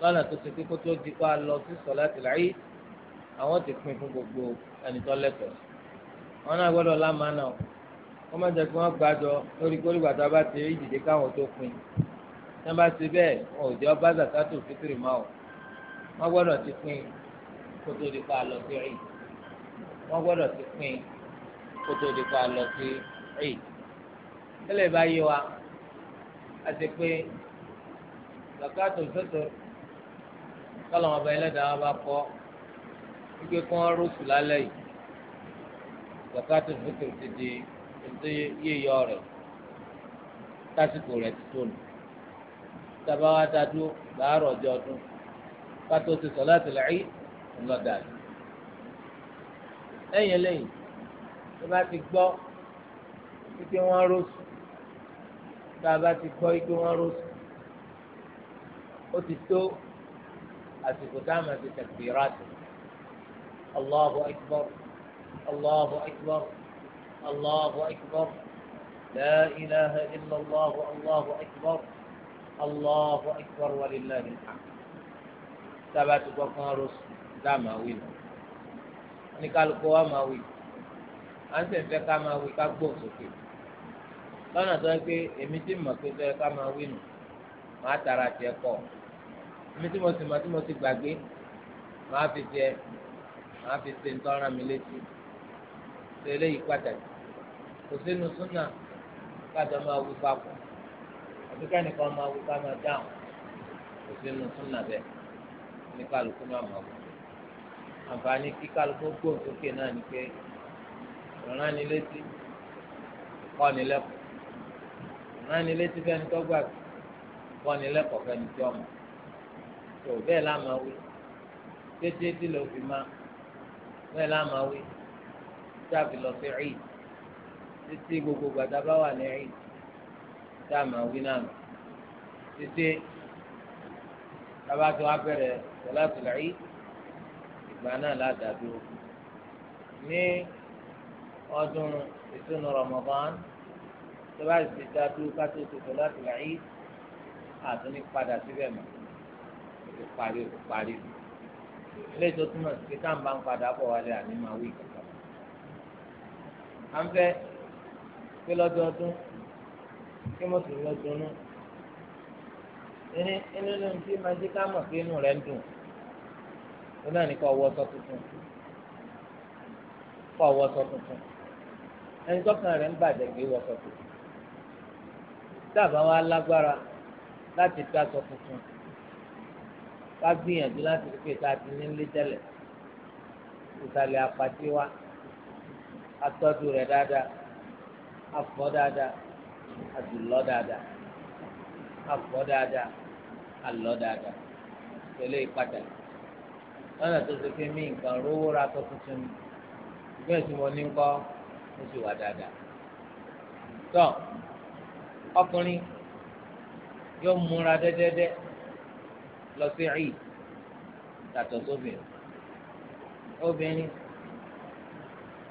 lọ́nà tó ṣe pé kó tó di pa lọ sí sọ láti láyé àwọn ti pín fún gbogbo ẹni tó lẹ́tọ̀ọ́ wọn náà gbọ́dọ̀ lámàánà o wọ́n máa ń jẹ́ kí wọ́n gbàjọ lórí kórì bàtà bá ti rí ìdìde káwọn tó pín tí wọ́n bá ti bẹ́ẹ̀ wọn ò jẹ́ ọba zakato fitiri ma o wọ́n gbọ́dọ̀ ti pín kó tó di pa lọ sí rí wọ́n gbọ́dọ̀ ti pín kó tó di pa lọ sí rí tẹ́lẹ̀ bá yé wa àti pé zakato fitiri kọ́lọ̀ wọn ẹlẹ́dàá wọn bá kọ́ wípé kí wọ́n rọ́ọ̀sù lálẹ́ yìí zakatul fitr ti di ètò yíyọ rẹ̀ tásìkò rẹ̀ ti tó nù sábà wá dájú láàárọ̀ ọjọ́ ọdún kátó ti salatul Eid ńlọ́dà rẹ̀ lẹ́yìn eléyìí tó bá ti gbọ́ wípé wọ́n rọ́ọ̀sù tá a bá ti gbọ́ wípé wọ́n rọ́ọ̀sù ó ti tó àsìkò táwọn ti tẹ̀síra sí الله أكبر الله أكبر الله أكبر لا إله إلا الله الله أكبر الله أكبر ولله الحمد ثبت وكان رسل لا ما ويل ní kálukú wa máa wí à ń sì fẹ́ ká máa wí ká gbóhùn sókè lọ́nà tó yẹ pé èmi ti mọ̀ pé tó yẹ ká máa wí nù màá tara tiẹ̀ kọ̀ èmi tí mo sì mọ̀ tí mo sì gbàgbé màá fi tiẹ̀ máa fi ṣe nǹkan ara mi létí ṣe eléyìí pàtàkì kò sínú súnà kájọ máa wí papọ̀ àbí kẹ́nìkan máa wí ká máa dáhùn kò sínú súnà bẹ́ẹ̀ ní kálukú máa mọ̀ ọ́ àǹfààní kí kálukú gbòǹsókè náà ni pé ìránnilétí kọ́nilẹ́kọ̀ọ́ ìránnilétí fẹ́ni tó gbà kọ́nilẹ́kọ̀ọ́ fẹ́ni tí ọmọ tó bẹ́ẹ̀ lámà wí tètè tí ló fi máa bẹ́ẹ̀ láàmà wí táàbì lọ sí ẹ̀ẹ́d títí gbogbo gbàdá bá wà ní ẹ̀ẹ́d táàmà wí náà nù títí tabaasi wa bẹ̀rẹ̀ sọláàtù lẹ́yìn ìgbà náà ládàbí o ní ọdún ìtúnu Ramadan tabaasi ti ta dúró kátó tó sọláàtù lẹ́yìn àtúní padà síbẹ̀ mọ́ o ti parí eléyìí tó túmọ̀ sí ká ń bá ń padà bọ̀ wálé àní máa wí kankan. à ń fẹ́ pé lọ́dọọdún kí mùsùlùmí ló dunnú inú inú tí máa jẹ́ ká mọ̀ pé inú rẹ̀ ń dùn ó náà ní kó wọ ọsọ tuntun kó wọ ọsọ tuntun ẹni tọ́kàn rẹ̀ ń bàjẹ́ kì í wọ tuntun dábàá wa lágbára láti dá aṣọ tuntun. ká gbìyànjú láti rí pé ká ti nílé tẹ́lẹ̀ ìsàlẹ̀ àpàtì wa atọ́jú rẹ̀ dáadáa afọ́ dáadáa àdùlọ́ dáadáa afọ́ dáadáa àlọ́ dáadáa tẹ̀lé ìpàtàkì lọ́nà tó ṣe pé mí nǹkan rówó ra tó tuntun mi tí mo ní ń kọ́ mo sì wà dáadáa. tọ́ ọkùnrin yóò múra dẹ́dẹ́dẹ́. lọ sí ẹ̀yìn yàtọ̀ sóbìnrin obìnrin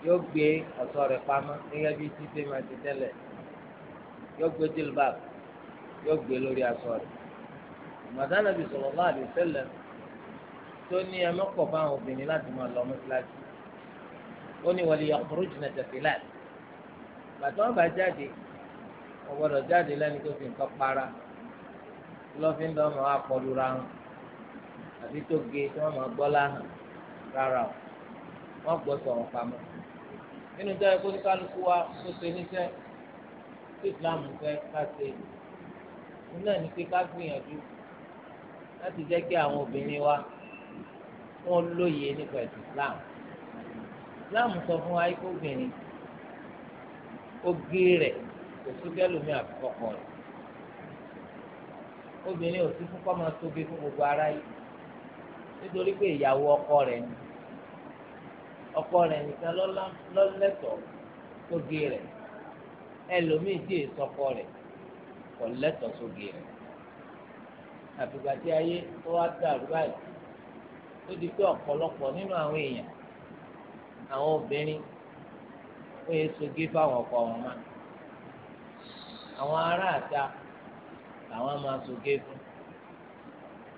yóò gbé ọ̀ṣọ́ rẹ̀ pamọ́ gẹ́gẹ́ bí títí máa ti tẹ́lẹ̀ yóò gbé jilbab yóò gbé lórí aṣọ rẹ̀ mọ̀dánà bíi sallallahu alaihi wasallam tó ní ẹ mọ́kọ̀ fáwọn obìnrin láti máa lọ mọ́síláṣí ó ní wọlé yakhrujna tafilat bàtà ọba jáde ọgbọdọ̀ jáde lẹ́ni tó fi nǹkan para lọ́fíńdọ́mọ̀ àpọ̀lura wọn àbí tó ge tí wọ́n máa gbọ́ láhàn rárá o wọ́n gbọ́ sọ̀rọ̀ pamọ́ nínú tó yẹ kó ní kálukú wa tó ṣe níṣẹ́ tó islam fẹ́ ká ṣe òun náà ní pé ká gbìyànjú láti jẹ́ kí àwọn obìnrin wa wọ́n lóye nípa ẹ̀sìn islam islam sọ fún wa ikú obìnrin oge rẹ̀ kò sókẹ́lómi àfikọ́kọ́ rẹ̀ obìnrin ò sí fún kọ́ máa tóbi fún gbogbo ara yìí nítorí pé ìyàwó ọkọ rẹ̀ ni ọkọ rẹ̀ nìkan lọ́lẹ́tọ̀ sóge rẹ̀ ẹlòmíì tí èso ọkọ rẹ̀ kò lẹ́tọ̀ sóge rẹ̀ àtùgbà tí ayé tó wá dàrú báyìí ó di pé ọ̀pọ̀lọpọ̀ nínú àwọn èèyàn àwọn obìnrin ó yẹ soge fáwọn ọkọ wọn má àwọn aráàta làwọn máa soge fún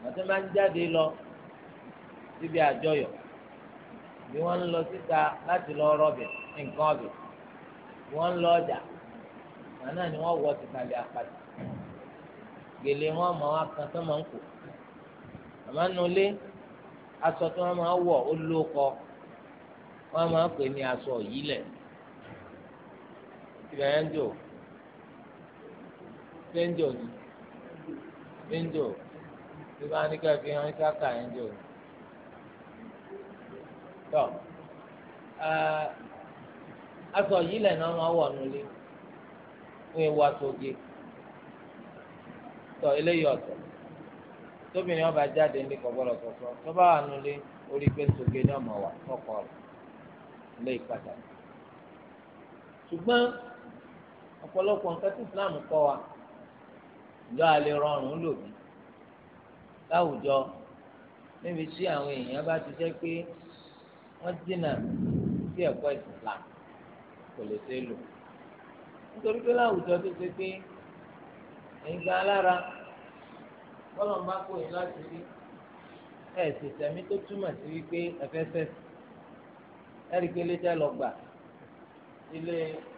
àti máa ń jáde lọ. síbi àjọyọ̀ bí wọ́n ń lọ síta láti lọ rọbẹ̀ nǹkan ọbẹ̀ bí wọ́n ń lọ ọjà ni wọ́n wọ tìtàlẹ̀ àpàtì gèlè wọn mọ akàn tó máa ń kù àmọ́ nulẹ̀ aṣọ tí wọ́n máa wọ̀ ó lóko wọ́n máa pè ní aṣọ yìí lẹ̀ ń jò ṣé ń jò ṣé ń jò bí wọ́n á ní fi hàn ṣáka ń jò tọ́ aṣọ yìí na ọmọ wọ nulẹ̀ fún ewu aṣoge tọ́ eléyìí ọtọ tóbìnrin ọba jáde ní kọ̀gbọ́dọ̀ sọ̀tọ̀ tó bá wà nulẹ̀ orí pé soge ní ọmọ wa sọ̀kọ̀ rẹ̀ eléyìí pàtàkì ṣùgbọ́n ọ̀pọ̀lọpọ̀ nǹkan tí Islam wa ìjọ rọrùn lòdì láwùjọ níbi tí àwọn èèyàn wọ́n dínà sí ẹ̀kọ́ Islam kò lè ṣe é lò nítorí pé láwùjọ tó ṣe pé ẹ̀yin alára bọ́lọ̀ ń bá kó yín láti rí ẹ̀ ṣèṣẹ̀mí tó túmọ̀ sí wípé ẹ̀fẹ́fẹ́ ẹ̀rí pé létẹ́ lọ gbà ilé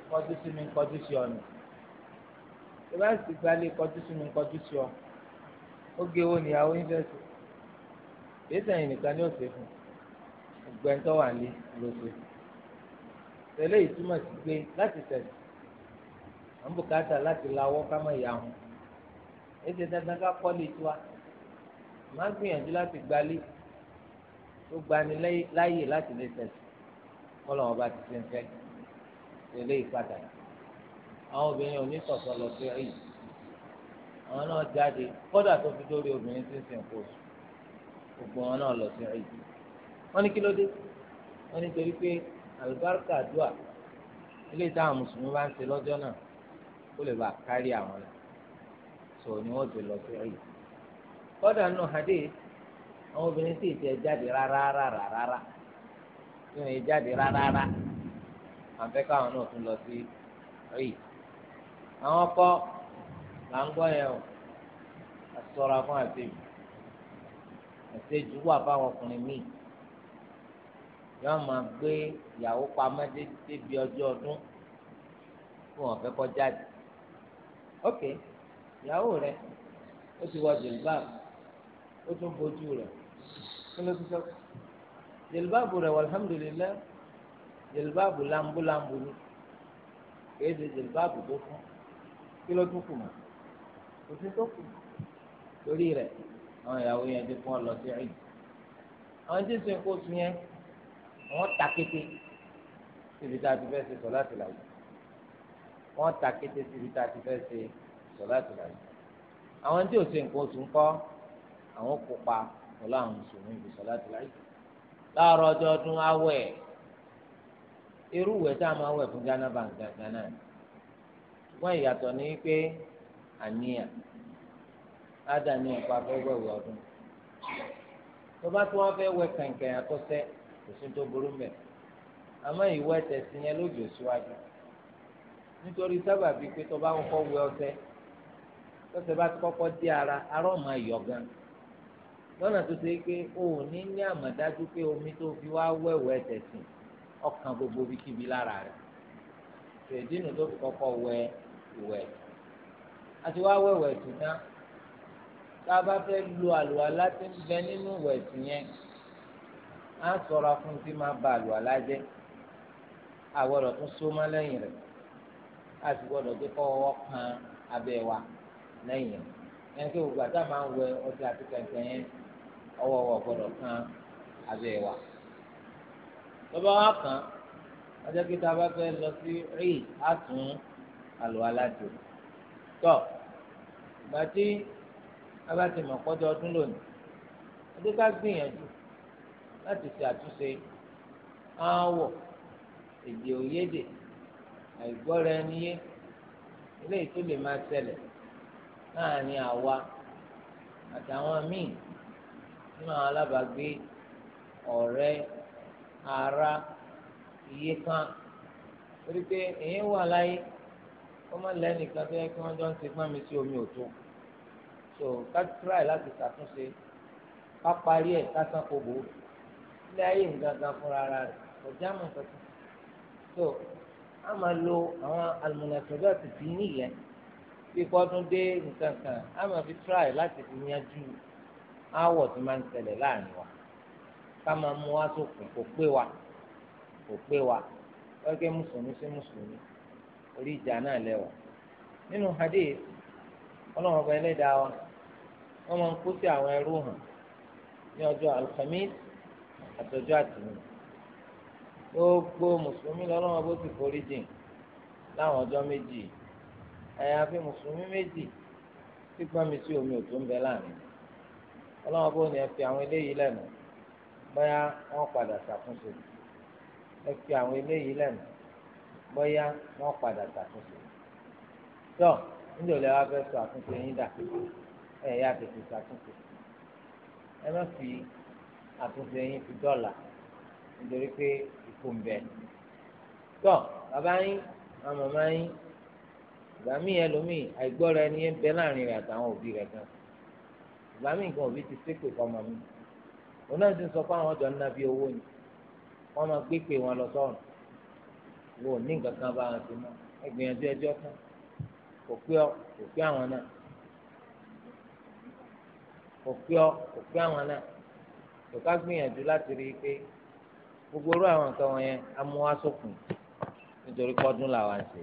kọjú sí mi kọjú sí ọ nù ìbá sì gbalé kọjú sí mi kọjú sí ọ ó gé owó níyàwó yín fẹ́ sùn èyí nìkan ni ó ṣe fún un gbẹ̀ntọ́ wà ní lóṣù tẹ̀lé ìtumọ̀ sí pé láti tẹ̀lé àwọn bùkátà láti lawọ́ ká má yà wọn ètò dandan ká kọ́ lè tiwa má gbìyànjú láti gbalé tó gbani láàyè láti lè tẹ̀lé kọ́lọ̀ wọn bá ti ṣe ń fẹ́ tẹ̀lé ìpadà àwọn obìnrin ò ní sọ̀sọ̀ lọ sí ẹ̀yìn àwọn náà jáde kódà tó fi dórí obìnrin tí ń sìn kó gbogbo wọn náà lọ sí ẹ̀yìn wọ́n ní kí ló dé wọ́n ní torí pé àlùbáríkà àdúà ilé táwọn mùsùlùmí bá ń ṣe lọ́jọ́ náà kó lè bá a kárí àwọn náà sọ ni wọ́n ti lọ sí ẹ̀yìn. kọ́dà nù hadith àwọn obìnrin sì ti ẹ̀ jáde rárá tí wọ́n yẹ jáde rárá àfẹ́ káwọn náà tún lọ sí ẹ̀yìn. àwọn ọkọ là ń gbọ́ yẹn o àti sọ́ra fún àṣejù àṣejù wà fáwọn ọkùnrin míì yóò máa gbé ìyàwó pamọ́ débi ọjọ́ ọdún fún ọ̀fẹ́ kọjá dì ok ìyàwó rẹ ó ti wọ jìlbáàbù ó tún bójú rẹ kí ló ti sọ jìlbáàbù rẹ alhamdulillah jìlbáàbù lambúlambú ni kìí ṣe jìlbáàbù tó fún kí ló tún kù mọ́ kò sí tó kù torí rẹ àwọn ìyàwó yẹn ti fún ọ lọ sí ẹ̀yìn àwọn tí ń sọ yẹn wọ́n ta kété síbi tá a ti fẹ́ ṣe sọ láti là yìí wọ́n ta kété síbi tá a ti fẹ́ ṣe sọ láti là yìí àwọn tí ò ṣe nǹkan oṣù ńkọ́ àwọn kópa pẹ̀lú àwọn mùsùlùmí ibi sọ láti là yìí láàárọ̀ ọjọ́ ọdún awẹ̀ irú ìwẹ̀ tá a máa wẹ̀ fún ghana bank gangan náà ìyàtọ̀ ni pé àníyàn á dà ní ẹ̀kọ́ afẹ́wẹ̀wẹ̀ ọdún tó bá tí wọ́n fẹ́ wẹ̀ kẹ̀kẹ́ àtọ́sẹ́ kò sí tó burú mẹ àmọ́ ìwọ ẹsẹ̀ sí yẹn lójó síwájú nítorí sábà bíi pé tó bá kọ́kọ́ wẹ ọṣẹ tọ́sẹ̀ bá ti kọ́kọ́ ara ará ọ̀mà yọ̀ gan lọ́nà tó ṣe é pé o ò ní ní àmọ̀dájú pé omi tó fi wá wẹ̀wẹ̀ ẹsẹ̀ sí ọkàn gbogbo bíkíbi lára rẹ̀ tẹ̀dínù tó fi kọ́kọ́ wẹ ìwẹ̀ àti wá wẹ̀wẹ̀ ẹ̀sìn tán tá a bá fẹ́ lo àlùwàlá tí ń bẹ nínú ìwẹ̀ ẹ̀sìn yẹn á sọra fún tí máa ba àlùwàlá jẹ́ àwọ̀dọ̀ tún súnmọ́ lẹ́yìn rẹ̀ á sì gbọ́dọ̀ gbé kọ́wọ́ kan abẹ́ wa lẹ́yìn rẹ̀ ẹni pé gbogbo àti àmà ń wẹ ọtí àti kẹ̀kẹ́ yẹn ọwọ́ wọ̀ gbọ́dọ̀ kan abẹ́ wa. lọ́ba wa kàn ọjọ́ kí tá a bá fẹ́ lọ sí rí àtún àlùwàlá jù tọ́ ìgbà a bá ti mọ̀ kọ́jọ́ ọdún lónìí ọdún ká gbìyànjú láti ṣe àtúnṣe aáwọ̀ èdè òyédè àìgbọ́ra ẹni yé eléyìí tó lè máa ṣẹlẹ̀ láàrin àwa àtàwọn míì nínú àwọn alábàágbé ọ̀rẹ́ ara iye kan torí pé èyí wà láyé kó má lẹ́nìkan tó yẹ kí wọ́n jọ ń ṣe pọ́nmi sí omi òtún so ká tíráì láti ṣàtúnṣe ká parí ẹ̀ ká sàn kó bòó. ilé ayé nǹkan fúnra ara rẹ̀ kò kankan tó a máa lo àwọn alùmọ̀nàkẹ́bẹ́ àti tìǹbì yẹn bí kọ́dún dé nǹkan a máa fi try láti fi yanjú tó máa ń tẹ̀lẹ̀ wa ká máa mú kò pé wa kò pé wa mùsùlùmí sí mùsùlùmí orí ìjà náà nínú hadith ẹlẹ́dàá wa wọ́n máa ń kó sí àtọjọ́ àtìmí gbogbo mùsùlùmí lọ́lọ́wọ́ bó ti forí jìn láwọn ọjọ́ méjì àyàfi mùsùlùmí méjì tí gbọ́nmi sí omi ò tó ń bẹ láàrin ọlọ́wọ́ bó ni ẹ fi àwọn eléyìí lẹ́nu bóyá wọ́n padà ṣàtúnṣe ẹ fi àwọn eléyìí lẹ́nu bóyá wọ́n padà ṣàtúnṣe tó nílò lẹ́wọ́ fẹ́ sọ àtúnṣe yín dà ẹ̀yà tètè ṣàtúnṣe ẹ má fi àtúnṣe yín fi dọ́là nítorí pé ìkó ń bẹ. tọ́ bàbá yín àwọn màmá yín ìgbà míì ẹlòmíì àìgbọ́ra ẹni ń bẹ láàrin rẹ̀ àtàwọn òbí rẹ̀ gan. ìgbà míì òbí ti ṣépè fọmọ mi. òun náà ti sọ pé àwọn ọ̀dọ́ ni wọ́n máa gbé pé wọn lọ sọ́run. wo ní nǹkan kan bá wọn ti mọ́ ẹgbìyànjú ẹjọ́ kan tó ká gbìyànjú láti rí i pé gbogbo irú àwọn nǹkan wọ̀nyẹn amúhásókùn nítorí pọ́dún làwọn ń ṣe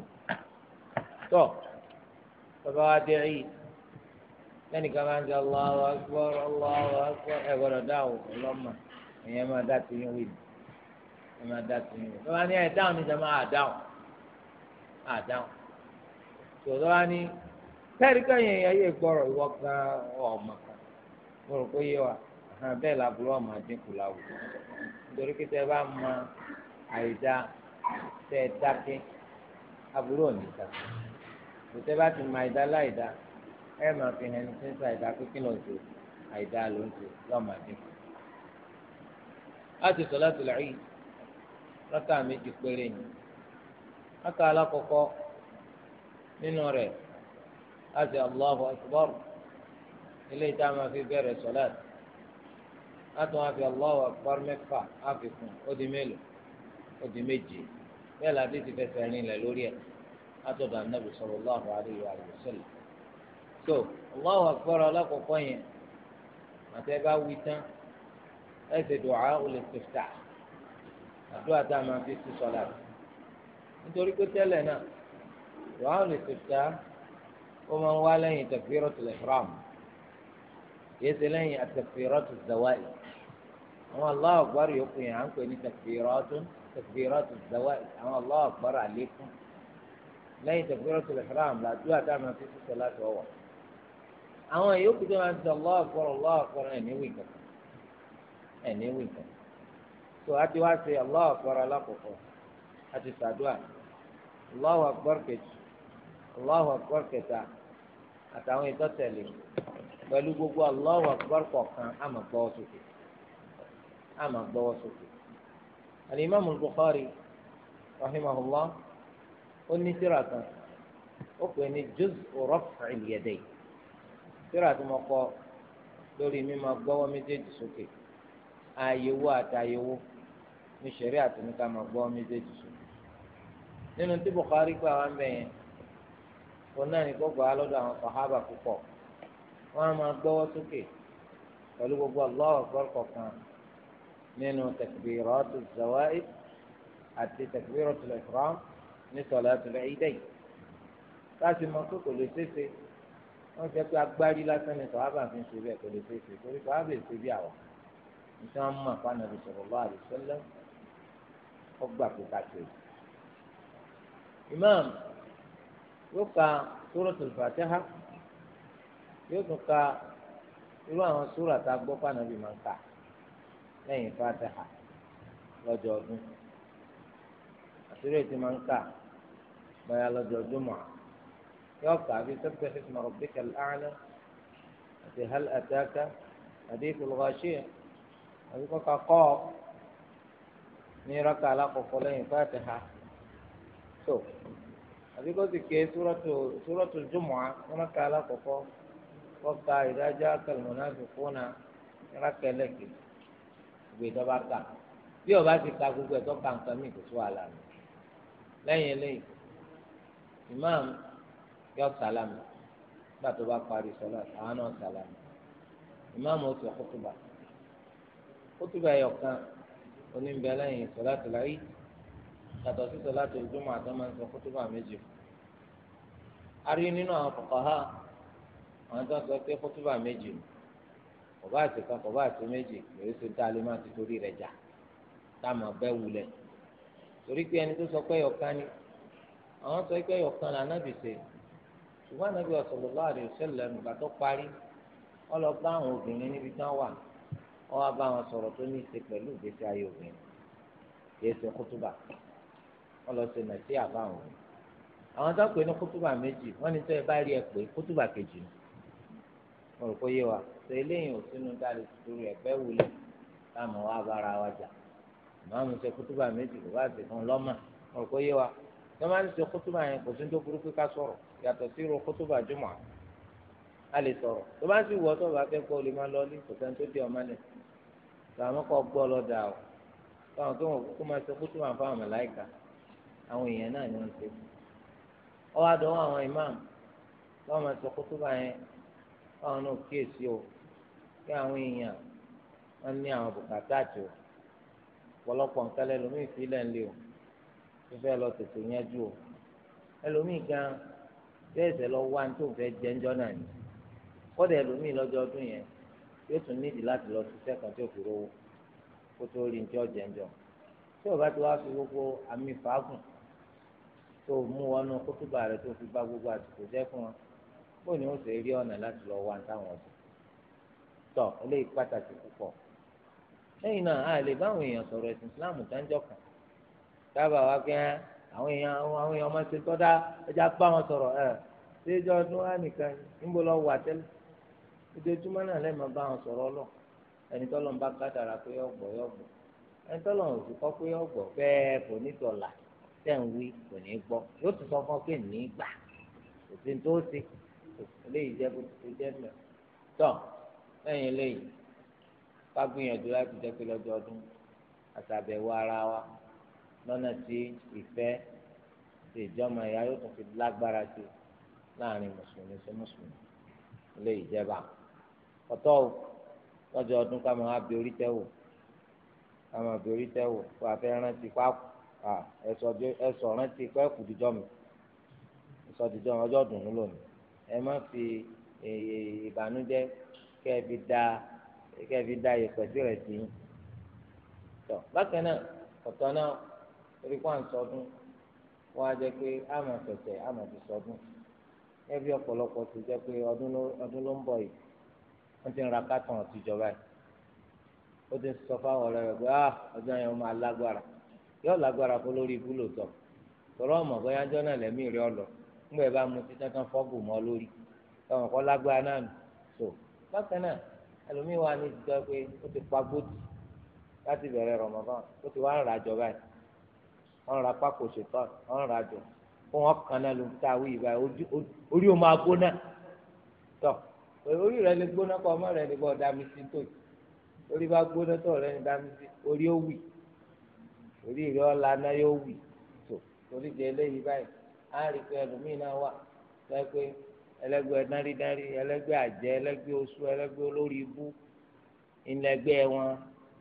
tọ́ bàbá wa dé rí lẹ́nìkan máa ń jẹ Allahu Akbar Allahu Akbar ẹ̀ gbọ́dọ̀ dáhùn ọlọ́mọ ẹ̀yẹn máa dá tiyín wí ẹ̀ máa dá tiyín wí bàbá ni ẹ̀ dáhùn níta máa dáhùn àdáhùn tòótọ́ wa ní tẹ́ẹ̀rí kẹ́yìn ẹ̀yẹ gbọ́rọ̀ ìwọ gan ọ̀ọ́mọ kan mo rò pé yé wa. bẹ́ẹ̀ laburú ọmọ àdínkù láwùjọ nítorí pé tẹ bá mọ àìdá tẹ dákẹ́ aburú ò kò tẹ bá ti mọ àìdá láìdá ẹ máa fi hẹn tí ń sa pínpín lọ sí ló ń ṣe lọ́mọ àdínkù. láti méjì péré ni alákọ̀ọ́kọ́ nínú rẹ̀ láti ilé ìta máa fi bẹ̀rẹ̀ látọ̀ wọn fi Allahu akbar mẹ́fà àfikún ó di mélòó ó di méje bẹ́ẹ̀ la ti ti fẹsẹ̀ rìn lẹ̀ lórí ẹ̀ látọ̀dọ̀ anábì sallallahu alaihi wa sallam. tó Allahu akbar alákọ̀ọ́kọ́ yẹn àti ẹ bá wí tán ẹ ṣe du'a al-istiftah àdúrà tá a máa fi sí sọ́lá nítorí pé tẹ́lẹ̀ náà du'a al-istiftah ó máa ń wá lẹ́yìn takbiratul ihram yẹ́sẹ̀ lẹ́yìn takbiratul zawaid àwọn Allahu Akbar yòókù yẹn à ń pè ní takbiratun takbiratul zawaid àwọn Allahu Akbar àlékún lẹ́yìn takbiratul ihram làdúrà àtàwọn àti sísọ láti ọwọ́ àwọn yòókù tó máa ń sọ Allahu Akbar Allahu Akbar ẹ̀ní wì kan ẹ̀ní kan tó a ti wá ṣe Allahu Akbar a ti kẹta àmà gbọ́wọ́ sókè alimami Bukhari rahimahullah ó ní tírà kan ó pè ní juz'u raf'il yadayn tírà tí mo kọ lórí mímọ gbọ́wọ́ méjèèjì sókè àyẹ̀wò àtàyẹ̀wò ní sẹ̀rí àtúnika máa gbọ́wọ́ méjèèjì sókè nínú tí Bukhari gbà wá mẹ́yẹn òun náà ní gbogbo alọ́dọ̀ àwọn sàhábà púpọ̀ wọ́n á máa gbọ́wọ́ sókè pẹ̀lú gbogbo Allahu akbar kọ̀ọ̀kan nínú تكبيرات zawaid حتى تكبيرة ihram ní salatul idayn láti mọ pé kò lè ṣeéṣe wọ́n sọ pé agbárí lásán ni sọ̀hábà fi ń ṣe bẹ́ẹ̀ kò lè ṣeéṣe torí sọ̀hábà èṣe bí àwọn nítorí wọ́n mọ̀ fún Ànábì sallallahu alaihi wasallam ọgbà kò ṣe. imam yóò ka suratul Fatiha yóò tún ka irú àwọn sóòrò àtàgbọ́ fún Ànábì máa ń kà á. lẹ́yìn fatiha lọ́jọ́ ọdún àṣírí ètò máa ń kà báyà lọ́jọ́ ọdún mọ́ yóò kà bí sẹ́pẹ́ ìsìnkú rabbika kẹ́lẹ́ ala àti hal ataka hadith al-ghashiyah àbí kọ́ka kọ́ ní rọ́kà alákọ̀ọ́kọ́ lẹ́yìn fatiha tó àbí kó sì ké súrọ́tù jùmọ̀ ní rákà alákọ̀ọ́kọ́ kọ́ka ìdájọ́ àkàlùmọ́ náà akal munafiquna ní rákà ẹlẹ́kẹ̀ẹ́. gbé dọ́ba kà bí ọba ti ka gbogbo ẹ̀ tó ka nǹkan mi kò tó àlà mi lẹ́yìn eléyìí imam yọ sàlámù nígbà tó bá parí sọlá àwọn náà sàlámù imam ó sọ kótóbà kótóbà ẹ̀yọ̀ kan oníbẹ̀ lẹ́yìn sọlá tó láyé yàtọ̀ sí sọlá tó ojúmọ̀ àti ọmọ nǹkan kótóbà méjì fún a rí nínú àwọn kọ̀kọ́ ha àwọn tó ń sọ pé kótóbà méjì fún kọba àti kan kọba àti méjì lórí ṣe tá a lè máa ti torí rẹ̀ jà tá a máa bẹ́ wulẹ̀ torí pé ẹni tó sọ pé ẹyọkan ni àwọn sọ pé ẹyọkan là nábì ṣe ṣùgbọ́n ànábì sallallahu alaihi wasallam nígbà tó parí wọ́n lọ bá àwọn obìnrin níbi tí wọ́n wà wọ́n wá bá wọn sọ̀rọ̀ tó ní í ṣe pẹ̀lú ìgbésí ayé obìnrin kìí ṣe kútúbà wọ́n lọ ṣe nàìjíríà bá àwọn obìnrin àwọn tó pè ní kútúbà méjì wọ́n ní tó bá rí ẹ pé kútúbà kejì ni mo rò pé yé wa ṣe eléyìí ò sínú dáre tuntun rẹ̀ pẹ́ wulẹ̀ láàmú wa bára wa jà ìmáàmù ṣe kútúbà méjì kò bá ṣe fún lọ́mà mo rò pé yé wa tó máa ń ṣe kútúbà yẹn kò sí ní tó burúkú ká sọ̀rọ̀ yàtọ̀ sí irú kútúbà jùmọ̀ a lè sọ̀rọ̀ tó bá sì wọ́ tó bá fẹ́ lè máa lọ kò sẹ́ni tó dé ọmọ nì tàwọn kọ́ gbọ́ káwọn náà kíyèsí o kí àwọn èèyàn wọn ní àwọn bùkátà tó ọ̀pọ̀lọpọ̀ nǹkan lẹ́lòmíì fílẹ̀ ńlẹ̀ o tó fẹ́ lọ tètè yanjú o ẹlòmíì gan bẹ́ẹ̀ sẹ́ lọ wá tó fẹ́ jẹ́njọ́ náà ni kọ́dà ẹlòmíì lọ́jọ́ ọdún yẹn yóò tún nídìí láti lọ ṣiṣẹ́ kan tó fi rówó kó tó rí njọ́ jẹ́njọ́ tí o bá ti wá fi gbogbo àmì fàágùn tó mú wọnú kótóbà rẹ tó fi bá gbogbo àsìkò jẹ́ fún wọn bó ni wọ́n sì rí ọ̀nà láti lọ wá táwọn ọ̀sẹ̀ tọ eléyìí pàtàkì púpọ̀ lẹ́yìn náà a lè báwọn èèyàn sọ̀rọ̀ ẹ̀sìn Islam dáńjọ́ kan dábàá wá pé àwọn èèyàn àwọn èèyàn ọmọ ṣe tọ́da ẹja bá wọn sọ̀rọ̀ ẹ̀ ṣéjọ́ ọdún wa nìkan níbo lọ wà tẹ́lẹ̀ ojoojúmọ́ náà lẹ́ẹ̀ máa bá wọn sọ̀rọ̀ ọlọ́ ẹni tọ́lọ́ ń bá kádàrà pé ọgbọ̀ yọgbọ̀ ẹni tọ́lọ́ ń sì kọ́ pé ọgbọ̀ bẹ́ẹ̀ kò ní tọ̀là tẹ̀ ń wí kò ní gbọ́ yóò tún sọ fún ọ pé ní gbà òsì tó ṣe eléyìí jẹ́ bó ti jẹ́ mẹ́ tọ́ lẹ́yìn eléyìí ká gbìyànjú láti jẹ́ pé lọ́dọọdún àtàbẹ̀wò ara wa lọ́nà tí ìfẹ́ ti ìjọba ìyá yóò tún fi lágbára sí láàrin mùsùlùmí sí mùsùlùmí eléyìí jẹ́ bá ọ̀tọ̀ o lọ́jọ́ ọdún ká máa bí orí tẹ́wò ká máa bí orí tẹ́wò kó a fẹ́ rántí pákó ẹ̀sọ̀ rántí pẹ́ẹ́kù díjọ́ mi ẹ̀sọ̀ díjọ́ mi ọjọ́ lónìí. E má fi ìbànújẹ́ kẹbi da kẹbi da ìpẹsí rẹ sí tọ bákan náà ọ̀tọ̀ náà orí kó à ń sọdún wọn á jẹ pé a máa a máa fi sọdún ẹbí ọpọlọpọ ti jẹ pé ọdún ló ń bọ̀ yìí ra kátàn yìí ó ti ń sọ fáwọn pé ah, yẹn máa lágbára yóò lágbára kó lórí ibú ọmọ bóyá rí ńgbà ẹ bá mu títí tán fọ́gù mọ́ lórí táwọn kọ́ lágbára náà nù tó bákan náà ẹlòmíín wà ní ìdíjọ́ pé ó ti pa gbòdì láti bẹ̀rẹ̀ Ramadan ó ti wá ń rajọ báyìí wọ́n ra pákó ṣètọ́ wọ́n rajọ fún wọn kan náà ló ń ta awí ìbáyìí orí o máa gbóná tọ orí rẹ lè gbóná kọ ọmọ rẹ lè bọ dami sí tó orí bá gbóná tó rẹ ní dami sí orí ó wì orí rẹ ọ̀la náà yóò wì tó torí di eléyìí báyìí á rí pé ẹlòmíì náà wà lọ́ọ́ pé ẹlẹ́gbẹ́ dárídárí ẹlẹ́gbẹ́ àjẹ́ ẹlẹ́gbẹ́ oṣù ẹlẹ́gbẹ́ olórí ibú ìlẹ́gbẹ́ wọn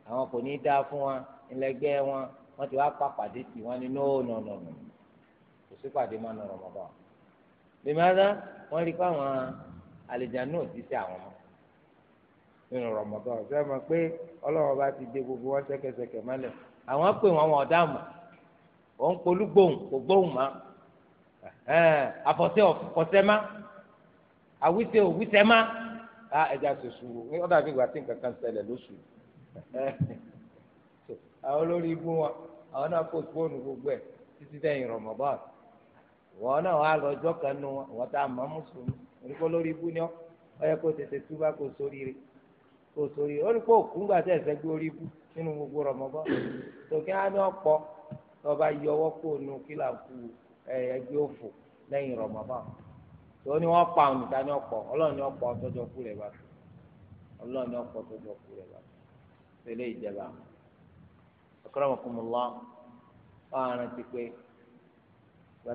àwọn kò ní í dá fún wọn ìlẹ́gbẹ́ wọn wọ́n ti wá pa pàdé tì wọ́n ní nọ́ọ̀nọ́ọ̀nọ́ kò sí pàdé máa nọ̀rọ̀ mọ́ bá wọn. bìmọ́dá wọ́n rí pé àwọn àlejò náà ti ṣe àwọn ọmọ nínú rọmọdọ ṣe mọ̀ pé Ọlọ́run bá ti dé gbogbo wọn ṣẹ̀kẹ̀ṣẹ̀kẹ̀ mọ́lẹ̀ àwọn pè wọn wọn ọdá mọ òun polú kò gbóhùn mọ́ Eh, àfọ̀sẹ́ ọ̀fọ̀sẹ́má àwísẹ́ òwísẹ́má ah, ẹja sòsùrù ní ọ̀dà àbí ìgbà tí nǹkan kan ṣẹlẹ̀ lóṣù àwọn olórí ibú wọn àwọn náà kò fóònù gbogbo ẹ̀ títí dẹ́yìn Ramadan wọn náà wà lọ́jọ́ kan nu wọn wọn tá a mọ̀ mùsùlùmí oníkó lórí ibú ni ọ ọyẹ kó tètè túbá kó sórí rẹ̀ kó sórí rẹ̀ oníkó òkú ńgbà tẹ̀ ẹ̀sẹ̀ gbé orí ibú nínú gbogbo Ramadan tòkí á ní ọ̀pọ̀ tọba yọwọ́ kó nu kí là kú o. Ee, òfò lẹ́yìn Ramadan tó ní wọ́n pa òun níta ní ọ̀pọ̀ ọlọ́run ní ọ̀pọ̀ ọtọ́jọ́ kú rẹ̀ bá tó ọlọ́run ní ọ̀pọ̀ ọtọ́jọ́ kú rẹ̀ bá tó tẹ́lẹ̀ ti pé ń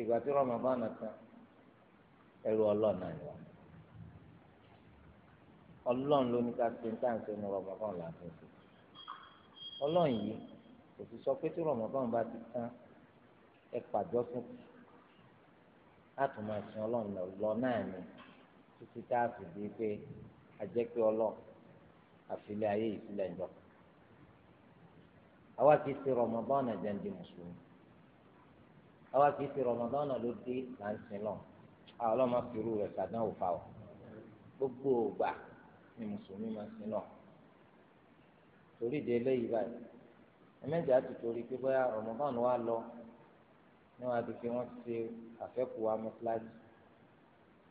ìgbà tí ẹrù náà yọ kò sì sọ pé tí rọmọbọn bá ti tán ẹ pàjọ fún kù láti máa sin ọlọ́run lọ náà ni títí tá a fi di pé a jẹ́ pé ọlọ́run àfilẹ̀ ayé ìfilẹ̀ ìjọ. àwa kìí ṣe rọmọbọn náà jẹ́ ń di mùsùlùmí àwa kìí ṣe rọmọbọn náà ló dé là ń sin lọ àwọn ọlọ́mọ fìrú rẹ̀ sàdánwò fáwọn gbogbo ògbà ni mùsùlùmí máa sin lọ torí ìdí eléyìí báyìí ẹ̀mẹ́jọ àti torí pé bóyá Ramadan wa lọ ní wọn àti pé wọ́n ti àfẹ́kù wa mọ́sálásí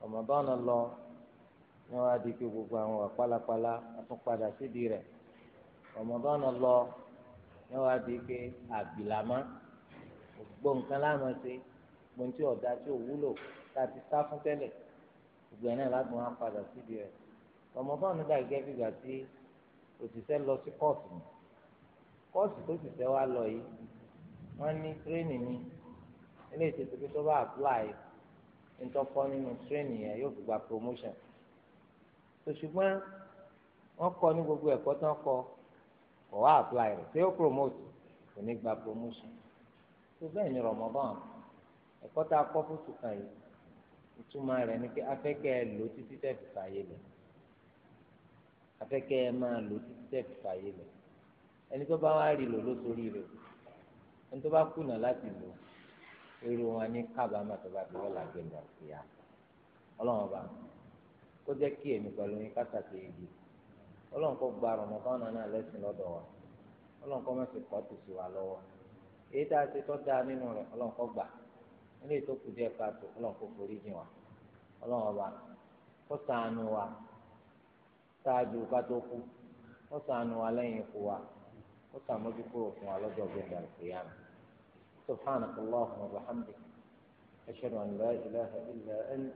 Ramadan lọ ní wọn àti pé gbogbo àwọn wà pálapàla àtúnpadà sídìí rẹ̀ Ramadan lọ ní wọn àti pé àbìlàmá gbogbo nǹkan láàmú ṣe gbogbo tí ọ̀dà tí ò wúlò láti sá fún tẹ́lẹ̀ gbogbo ẹ̀ náà láti wọn padà síbi rẹ̀ Ramadan dà gẹ́gẹ́ bí ìgbà tí òṣìṣẹ́ lọ sí kóòtù ni kọ́ọ̀sì tó sì fẹ́ wá lọ yìí wọ́n ní tírénì ni ilé ìtẹ̀sí pé tó bá apply ntọ́kọ́ nínú tírénì yẹn yóò fi gba promotion tó ṣùgbọ́n wọ́n kọ́ ní gbogbo ẹ̀kọ́ tán kọ́ kọ́ wá apply rẹ̀ tí ó promote kò ní gba promotion tó bẹ́ẹ̀ ni Ramadan ẹ̀kọ́ tá a kọ́ fún tùkàn yìí ìtumọ̀ rẹ̀ ni pé afẹ́kẹ́ ẹ lò títí tẹ̀ fi fàyè lẹ̀ afẹ́kẹ́ máa lò títí tẹ̀ fi fàyè lẹ̀ ẹni tó bá wá rí lò ló sórí rẹ̀ ẹni tó bá kùnà láti lò èrò wọn ní kábàámà tó bá ti wọ́n làgbé lọ sí ọlọ́run ọba kó jẹ́ kí èmi pẹ̀lú yín kásàkè yìí ọlọ́run kó gba ọ̀rọ̀ náà lẹ́sìn lọ́dọ̀ wa ọlọ́run kó má fi kọ́ wa lọ́wọ́ èyí tá a ti tọ́ da nínú rẹ̀ ọlọ́run ó sàmójú على fún يوم القيامة سبحانك اللهم وبحمدك أشهد أن لا إله إلا أنت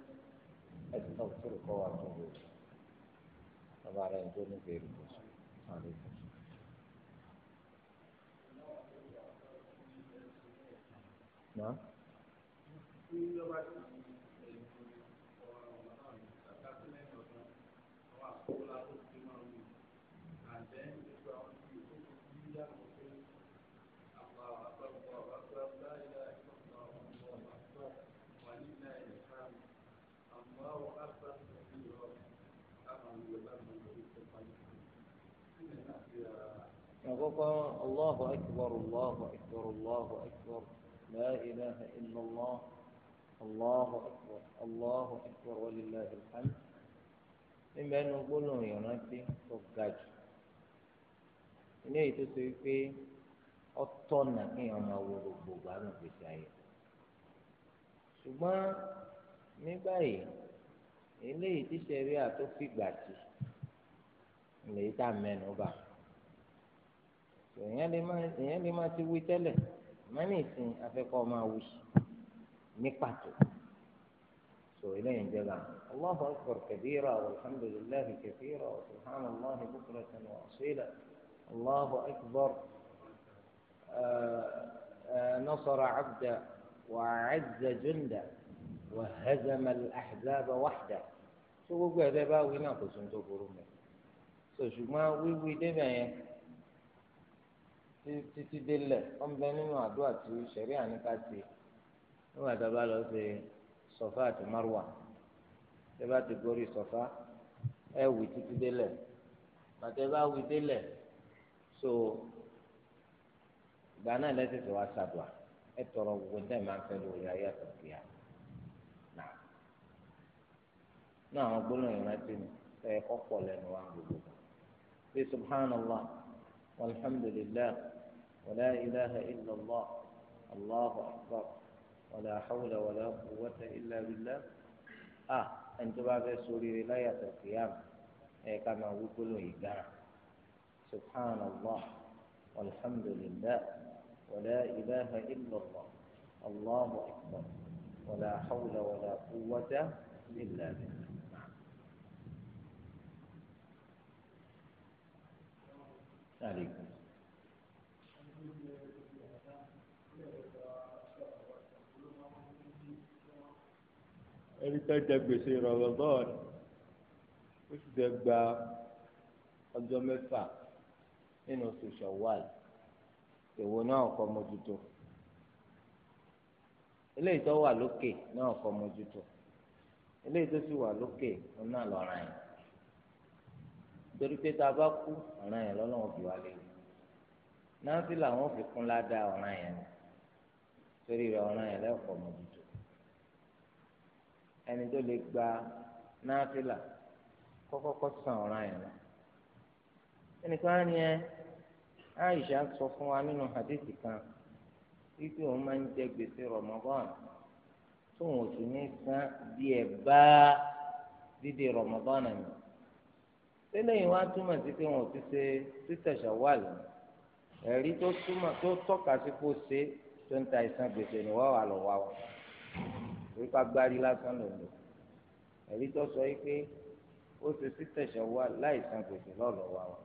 أستغفرك وأتوب إليك طبعا ينزل غير عليكم نعم àkọ́kọ́ Allahu akbar Allahu akbar Allahu akbar la ilaha illallah Allahu akbar Allahu akbar wa lillahi alhamd níbẹ̀ nu gbólóhùn ìrántí tó ga jù ilé yìí tó so wípé ọtọ́nà kéèyàn máa wo gbogbo gbàánù gbèsè ayé ṣùgbọ́n ní báyìí eléyìí tí sẹ́ríà tó fìgbà tì lèyí tá mẹ́nu bá a. èèyàn lè máa èèyàn lè máa ti wí tẹ́lẹ̀ mẹ́ni ìsìn afẹ́kọ́ máa wí ní pàtó so eléyìí ń jẹba allahu akbar kabira alhamdulilahi kabira subhanallah bukratan wa asila allahu akbar nasara cabda wa wacazza junda wa hazama alaxzaaba waxda so gbogbo ẹ̀ bá wí náà kò sóńtó burú mi so ṣùgbọ́n wíwí débẹ̀ yẹn. títí délẹ̀ wọ́n bẹ nínú àdúrà tí sẹ̀rí àníká ti nígbà tá a bá lọ ṣe sọ̀fà àti márùwà tẹ bá ti gorí sọ̀fà ẹ wì títí délẹ̀ bàtẹ bá wì délẹ̀ so ìgbà náà lẹ́sẹ̀ tó wá ṣàdùà ẹ gbogbo dẹ́ máa ń lórí ayé àtọ̀kì yá náà náà àwọn gbólóyìn láti ní ẹ kọ́kọ́ lẹ́nu wa gbogbo ṣe subhanallah walhamdulillah. ولا إله إلا الله الله أكبر ولا حول ولا قوة إلا بالله آه أنت بعد سوري لا القيامة أي كما يقولوا يقع سبحان الله والحمد لله ولا إله إلا الله الله أكبر ولا حول ولا قوة إلا بالله نعم. عليكم ẹni tó jẹ gbèsè rọ̀lọ́dọ́ọ̀nù ó sì jẹ gba ọjọ́ mẹ́fà nínú oṣù Ṣawwal èwo náà kọ́ mójútó eléyìí tó wà lókè náà kọ́ mójútó eléyìí tó sì wà lókè náà lọ́ràn yẹn torí pé tá a bá kú ọ̀ràn yẹn lọ́lọ́wọ́ bí wà lẹ́yìn náà sì làwọn fi kún ládàá ọ̀ràn yẹn torí rẹ̀ ọ̀ràn yẹn lẹ́kọ̀ọ́ mójútó ẹni tó lè gba náfìlà kọ́kọ́kọ́ sàn ọ̀ràn yẹn lọ. ẹnìkan á ní ẹ Aisha sọ fún wa nínú hadithi kan wípé òun máa ń jẹ gbèsè Ramadan tóun ò sì ní san bí ẹ bá dídé Ramadan mi. tẹ́lẹ̀ yìí wá túmọ̀ sí pé wọn ò ti ṣe títẹ̀ Shawwal ẹ̀rí tó túmọ̀ tó tọ́ka sí kó ṣe tó ń ta ìsan gbèsè ni wọ́n wà lọ́wọ́ torí ká gbárí lásán ló lò ẹ̀rí tó sọ yìí pé ó ṣe sítẹ̀sẹ̀ wá láì san gbèsè lọ́dọ̀ wa wa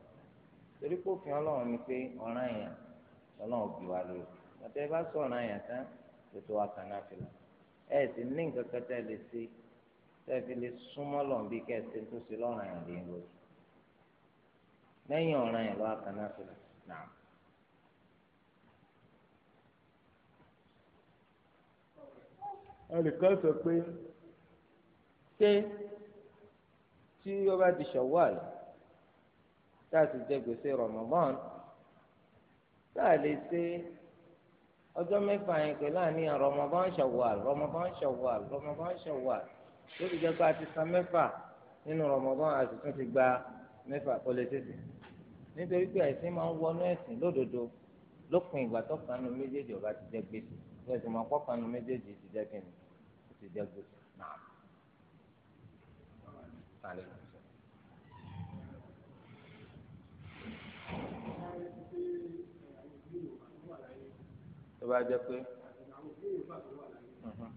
torí pé òfin ọlọ́run ni pé ọ̀ràn yẹn ọlọ́run bì wá lórí ọ̀tẹ́ bá sọ ọ̀ràn yẹn tán ètò wa kàn náà fi lọ ẹ̀ sì ní nǹkan kan tẹ́ lè ṣe tẹ́ fi lè súnmọ́ lọ́n bí kẹ́ ẹ ṣe tó ṣe lọ́ràn yẹn lé lórí lẹ́yìn ọ̀ràn yẹn lọ́wọ́ kàn náà ẹnìkan sọ pé ṣé tí ó bá di Ṣawwal tá a sì jẹ gbèsè Ramadan tá a lè ṣe ọjọ́ mẹ́fà yẹn pẹ̀lú àníyàn Ramadan Ṣawwal Ramadan Ṣawwal Ramadan Ṣawwal tó ti jẹ́ pé a ti san mẹ́fà nínú Ramadan a sì tún ti gba mẹ́fà kó lè tètè nítorí pé ẹ̀sìn máa ń wọnú ẹ̀sìn lódodo lópin ìgbà tó kanu méjèèjì ọba ti jẹ gbèsè lọ́sìn máa kọ́ kanu méjèèjì ti jẹ́ kẹ́ni ṣe jẹ́ gbèsè náà. tó bá jẹ́ pé. Mhm.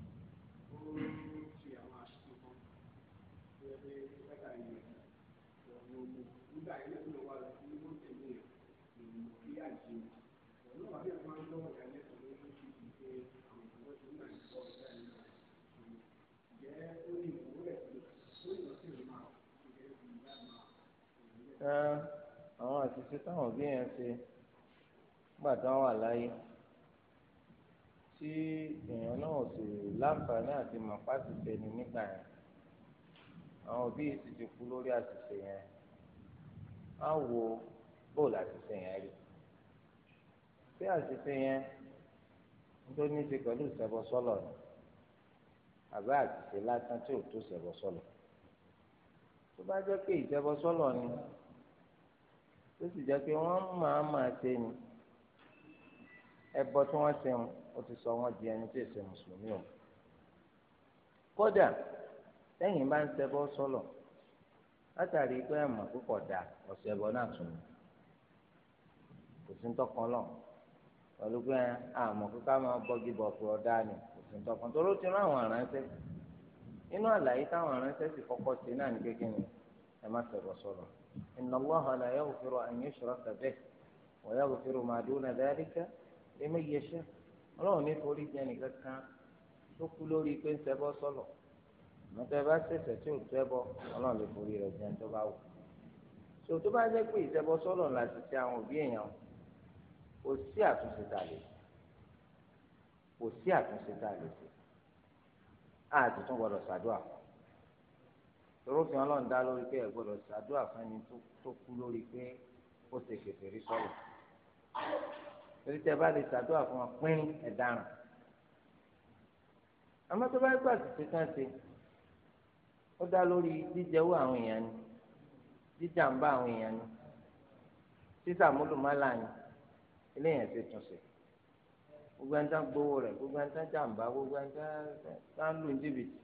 rárá àwọn àṣìṣe táwọn òbí yẹn ṣe nígbà táwọn wà láyé tí èèyàn náà sì láǹfààní àti màpá ti tẹni nígbà yẹn àwọn òbí yìí sì ti kú lórí àṣìṣe yẹn á wo bóòlù àṣìṣe yẹn rí bí àṣìṣe yẹn tó ní í ṣe pẹ̀lú ìṣẹ̀bọ sọ́lọ̀ ni àbá àṣìṣe lásán tí ò tó ṣẹ̀bọ sọ́lọ̀ tó bá jẹ́ pé ìṣẹ̀bọ sọ́lọ̀ ni. tó sì jẹ́ pé wọ́n máa máa ṣe ni ẹbọ tí wọ́n ṣe ti sọ wọ́n di ẹni tí èsè mùsùlùmí o kódà lẹ́yìn bá ń ṣẹbọ sọlọ látàrí pé ẹmọ púpọ̀ dà ọ̀sẹ̀ ẹbọ náà tún ni kò sí ń tọkàn lọ pẹ̀lú pé máa bọ́gí bọ̀ ni kò sí ń tọkàn tó إن الله لا يغفر أن يشرك به ويغفر ما دون ذلك لمن يشاء ọlọ́run ní forí jẹ nìkankan tó kú lórí pé ń ṣẹbọ sọlọ mọtẹ bá ṣẹ̀ṣẹ̀ tí ò ṣẹbọ ọlọ́run lè forí rẹ̀ jẹ tó bá wù tó tó bá jẹ pé ìṣẹbọ sọlọ láti ṣe àwọn òbí èèyàn kò sí àtúnṣe tá a lè ṣe kò sí àtúnṣe tá a lè ṣe àti tún gbọ́dọ̀ ṣàdúrà fún torofin Ọlọ́run dá lórí pé ẹ gbọ́dọ̀ ṣàdúrà fẹ́ni tó kú lórí pé ó ṣe kẹfẹ rí sọlọ torí tẹ bá lè ṣàdúrà fún wọn pín ẹ̀daràn àmọ́ tó bá yẹ kó àṣìṣe kan ṣe ó dá lórí jíjẹwó àwọn èèyàn ni jíjàmbá àwọn èèyàn ni sísàmúlùmálà ni eléyàn ṣe túnṣe gbogbo ẹni tá gbowó rẹ̀ gbogbo ẹni tá jàmbá gbogbo ẹni tá lù ní jìbìtì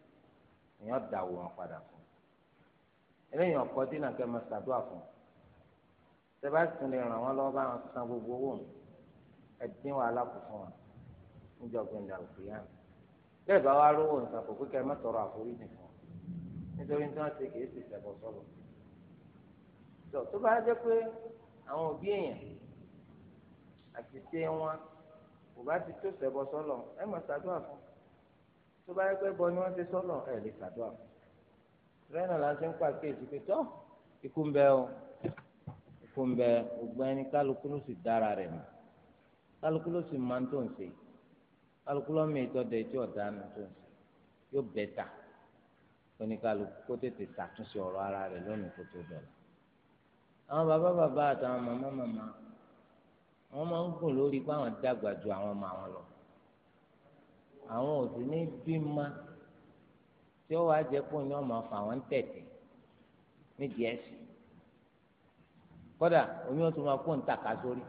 èèyàn dà wọ́n padà fún eléyìí ọkọ dínà kẹ máa ṣàdúrà fún sẹbàtì lè ràn wọn lọ́wọ́ bá wọn san gbogbo owó mi ẹdín wàhálà kù fún wa níjọ gbẹndà òkè yá bẹ́ẹ̀ bá wà lówó nǹkan kò kíkẹ má tọrọ àforíjì fún wa nítorí tí wọn ti kì í sì ṣẹbọ sọlọ tó tó bá jẹ pé àwọn òbí èèyàn àti ṣé wọn kò bá ti tó ṣẹbọ sọlọ ẹ máa ṣàdúrà fún tó bá yẹ pé bọ ni wọn ti sọlọ ẹ lè ṣàdúrà fún bẹ́ẹ̀ náà láti ń pàkíyèsí pé tọ́ ikú ń bẹ o ikú ń bẹ ògbọ́n ẹni kálukú ló sì dára rẹ̀ mọ́ kálukú ló sì máa ń tó ń ṣe kálukú lọ́mọ ìtọ́jà ètò ọ̀dà ń tó ń ṣe yóò bẹ̀ tà oníkálukú kó tètè ṣàtúnṣe ọ̀rọ̀ ara rẹ̀ lónìí kó tó dọ̀la àwọn bàbá bàbá àtàwọn màmá màmá wọn máa ń gùn lórí pé àwọn dàgbà ju àwọn ọmọ àwọn lọ àwọn ò ní bímọ tí ó wàá jẹ́ pé ní ọmọ fà wọ́n ń tẹ̀tẹ̀ nídìí ẹ̀sìn kódà omi ó tún máa kó ń tàka sórí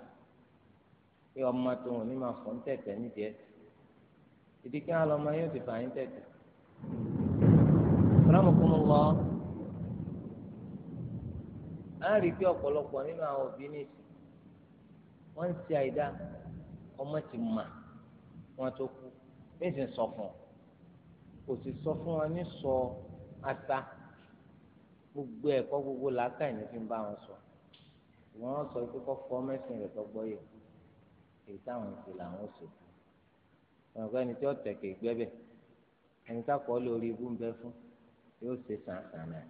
pé ọmọ tó wọn ní máa fọ́ ń tẹ̀tẹ̀ nídìí ẹ̀sìn ìdí kí wọn lọmọ yóò ti fà yín tẹ̀tẹ̀. ọlọ́mùkún mu lọ á rí i pé ọ̀pọ̀lọpọ̀ nínú àwọn òbí nìsí wọ́n ń ṣe àìdá ọmọ ti mà wọ́n tó kú bí ń sọ fún ọ kò sì sọ fún wọn ní sọ ata gbogbo ẹ̀kọ́ gbogbo làákà yìí fi ń bá wọn sọ wọn sọ pé kọ́kọ́ mẹ́sìn rẹ̀ tó gbọ́ yẹ èyí táwọn ń ṣe làwọn ṣe wọn kọ́ ẹni tí ó tẹ̀ kéé gbẹ́bẹ̀ ẹni tákọ́ lórí ibú ń bẹ fún yóò ṣe sàǹsàn náà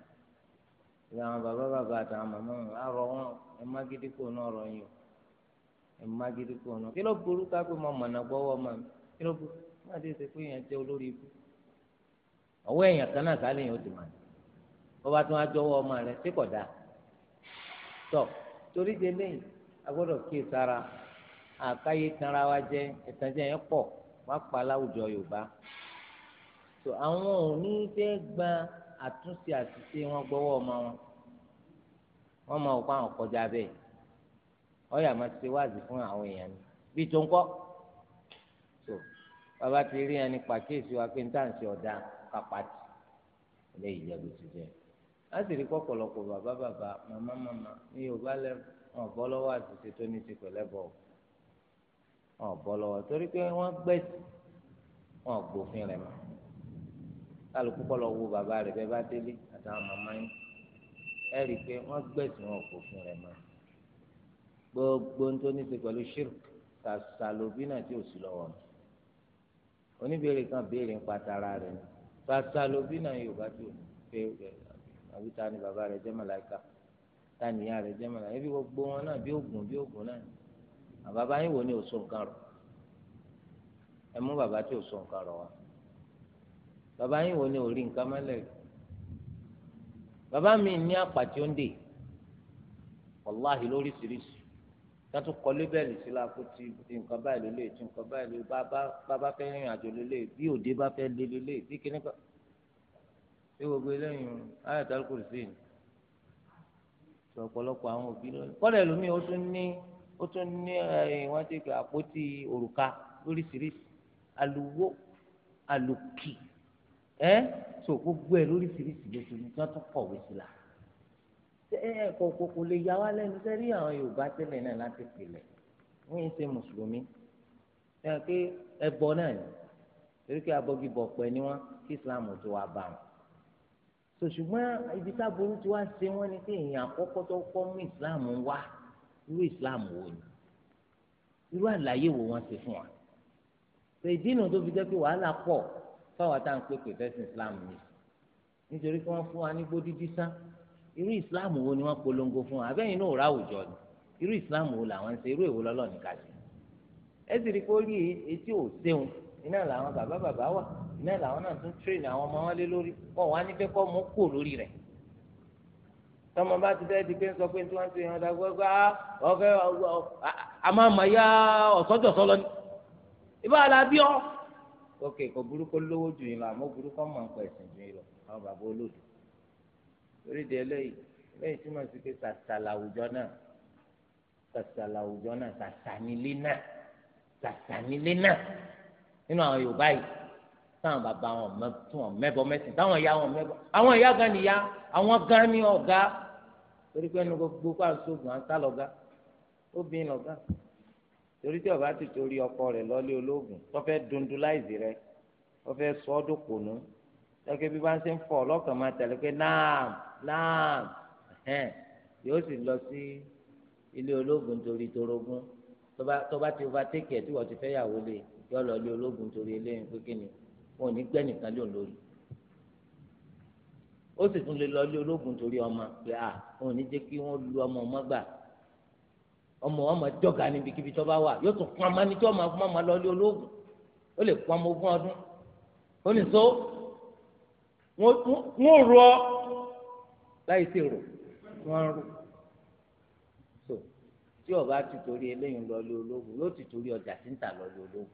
ìgbà àwọn bàbá bàbá àtàwọn màmá wọn á rọ wọn ẹ má gidi kó náà rọ yín o ẹ má gidi kó náà kí ló burú ká pé mo mọ̀nà gbọ́wọ́ mọ́ mi kí ló burú má dé ṣe pé yẹn jẹ́ olórí ibú ọwọ́ èèyàn kan náà sálẹ̀ yẹn ó ti mà ní bọ́ba tó wá jọwọ́ ọmọ rẹ̀ tí kò dáa tọ̀ torí de lẹ́yìn a gbọ́dọ̀ kí e sára àkáyé tanra wa jẹ ìtànjẹ yẹn pọ̀ wá pa láwùjọ Yorùbá tó àwọn òní fẹ́ gba àtúnṣe àṣìṣe wọn gbọ́wọ́ ọmọ wọn wọ́n máa wò pa kọjá bẹ́ẹ̀ ọ̀yà máa ti wáàzì fún àwọn èèyàn ni bí tó ń kọ́ tó bàbá ti rí ẹni pàkíyèsí wa pé ń tà ń ṣe ọ̀dà kápátì eléyìí jẹ́ bó ti jẹ́ láti rí pọ̀pọ̀lọpọ̀ bàbá bàbá màmá màmá ní yorùbá lẹ wọn bọ́ lọ́wọ́ àtúnṣe tó ní ti pẹ̀lẹ́ bọ̀ wọn bọ́ lọ́wọ́ torí pé wọ́n gbẹ̀sì wọn gbòfin rẹ̀ mọ́ kálukú kọ́ lọ wo bàbá rẹ̀ bẹ́ẹ̀ bá délé àtàwọn màmá yín ẹ rí i pé wọ́n gbẹ̀sì wọn gbòfin rẹ̀ mọ́ gbogbo tó ní ti pẹ̀lú shirk sàlòbí tí ò sí lọ́wọ́ oníbèrè kan béèrè ń pa tara rẹ̀ ni bàtà lóbi náà yorùbá tó pé ni bàbá ta ebi gbogbo wọn náà bí ògùn bí náà yín wò ni nǹkan rọ ẹ mú bàbá tí nǹkan rọ wa bàbá yín wò ni òrí nǹkan tọ́tù kọ́lé bẹ́ẹ̀lì sí la kó ti nǹkan báyìí lélẹ̀ tí nǹkan báyìí lélẹ̀ bàbá fẹ́ rìn àjò lélẹ̀ bí òde bá fẹ́ lé lélẹ̀ bí kíní kan ṣé gbogbo eléyìí ayé tàbí kò sí ni ọ̀pọ̀lọpọ̀ àwọn òbí lónìí kọ́lá ẹlòmíì ó tún ní ó tún ní wọ́n ti pè àpótí òrùka lóríṣiríṣi àlùwò àlùkì ẹ́ tó gbogbo ẹ̀ lóríṣiríṣi lóṣù ní kọ̀wé sí la ẹ̀kọ́ kòkò lè yà wá lẹ́nu sẹ́rí àwọn Yorùbá tẹ́lẹ̀ náà láti pilẹ̀ wọ́n yẹn ṣe mùsùlùmí ẹ̀ pé ẹbọ náà ni torí pé abọ́gibọ̀ pẹ̀ ni wọ́n kí Islam tó wá bá wọn. sòṣùgbọ́n ibi táburú tí wàá ṣe wọ́n ni pé èèyàn àkọ́kọ́ tó kọ́ mú Islam wá irú Islam wo ni irú àlàyé wo wọ́n ṣe fún wa. ìdí nu tó fi jẹ́ pé wàhálà pọ̀ fáwọn táwọn pépè fẹ́sìn Islam ni nítorí pé wọ́n fún wa ní gbódídí sán irú islam wo ni wọ́n polongo fún wa abẹ́yìn náà rà àwùjọ ni irú islam wo làwọn ń ṣe irú èwo lọ́lọ́ọ̀ni ká ṣe ẹ sì rí i pé ó rí etí ò séun iná làwọn bàbá bàbá wà iná làwọn náà tún tírèèni àwọn ọmọ wọn lé lórí wọn wà ní fẹ́kọ́ mú kò lórí rẹ̀ tọmọ bá ti fẹ́ẹ́ di pé ń sọ pé tí wọ́n ń ṣe ìrànlọ́dà gbọ́gbà ọ̀fẹ́ àmàmàyà ọ̀sọ́jọ̀sọ́ lọ ni ibà làbí ọ́ ok kò burúkú lówó jù yín lọ àmọ́ burúkú ọmọ nǹkan ẹ̀sìn jù yín lọ àwọn bàbá olódùn torí de eléyìí lẹ́yìn tí màá sì pé sàṣàlà àwùjọ náà sàṣàlà àwùjọ náà sàṣànílé náà sàṣànílé náà nínú àwọn Yorùbá yìí táwọn bàbá wọn tí wọn mẹbọ mẹsìn táwọn ìyá wọn mẹbọ àwọn ìyá gan nìyá àwọn gan ni ọ̀gá torí pé ẹnu gbogbo kó àṣọgùn àǹtá lọgá obìnrin lọgá torí tí ọba ti torí ọkọ rẹ̀ lọlé ológun tó fẹ́ dundun láìsí rẹ̀ tó fẹ́ sọ ọdún pònú lọkẹ bí wọn ṣe ń fọ ọlọkàn máa tẹ̀lé pé náà láàm ẹ̀hẹ́n yóò sì lọ sí ilé ológun torí torógún tó bá ti overtake ẹ̀ tí wọ́n ti fẹ́ yàwó lé yọ lọ ilé ológun torí eléyìí pé kí ni wọn ò ní gbẹ́ nìkan lóun lórí ó sì tún lè lọ ilé ológun torí ọmọ pé à wọn ò ní jẹ́ kí wọ́n lu ọmọ ọmọ gbà ọmọ ọmọ jọga níbikíbi tó bá wà yóò tún kún ọmọ ní tí ọmọ fún ọmọ lọ lé ológun ó lè kún ọmọ ogún ọdún ó ní so wọn ò rọ láì sí rò wọ́n rò so tí ọba ti torí eléyìí lọ lé ológun yóò ti torí ọjà tí ń tà lọ lé ológun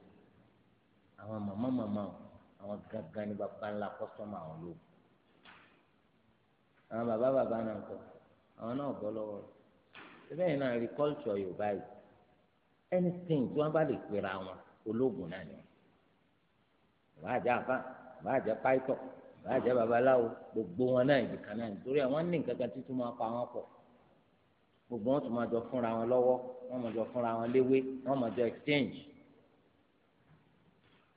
àwọn màmá màmá o àwọn gangan ní bàbá ńlá kọ́sọ́mù àwọn ológun àwọn bàbá bàbá náà kọ àwọn náà bọ́ lọ́wọ́ ẹgbẹ́ yìí náà rí kọ́lùtù Yorùbá yìí anything tí wọ́n bá lè pera wọn ológun náà ni wọ́n bá jẹ́ àbá bá jẹ́ pàìtọ́ bàjẹ́ babaláwo gbogbo wọn náà ìdìkan náà nítorí àwọn ní nǹkan kan títún máa pa wọn pọ̀ gbogbo wọn tún máa jọ fúnra wọn lọ́wọ́ wọn máa jọ fúnra wọn léwé wọn máa jọ exchange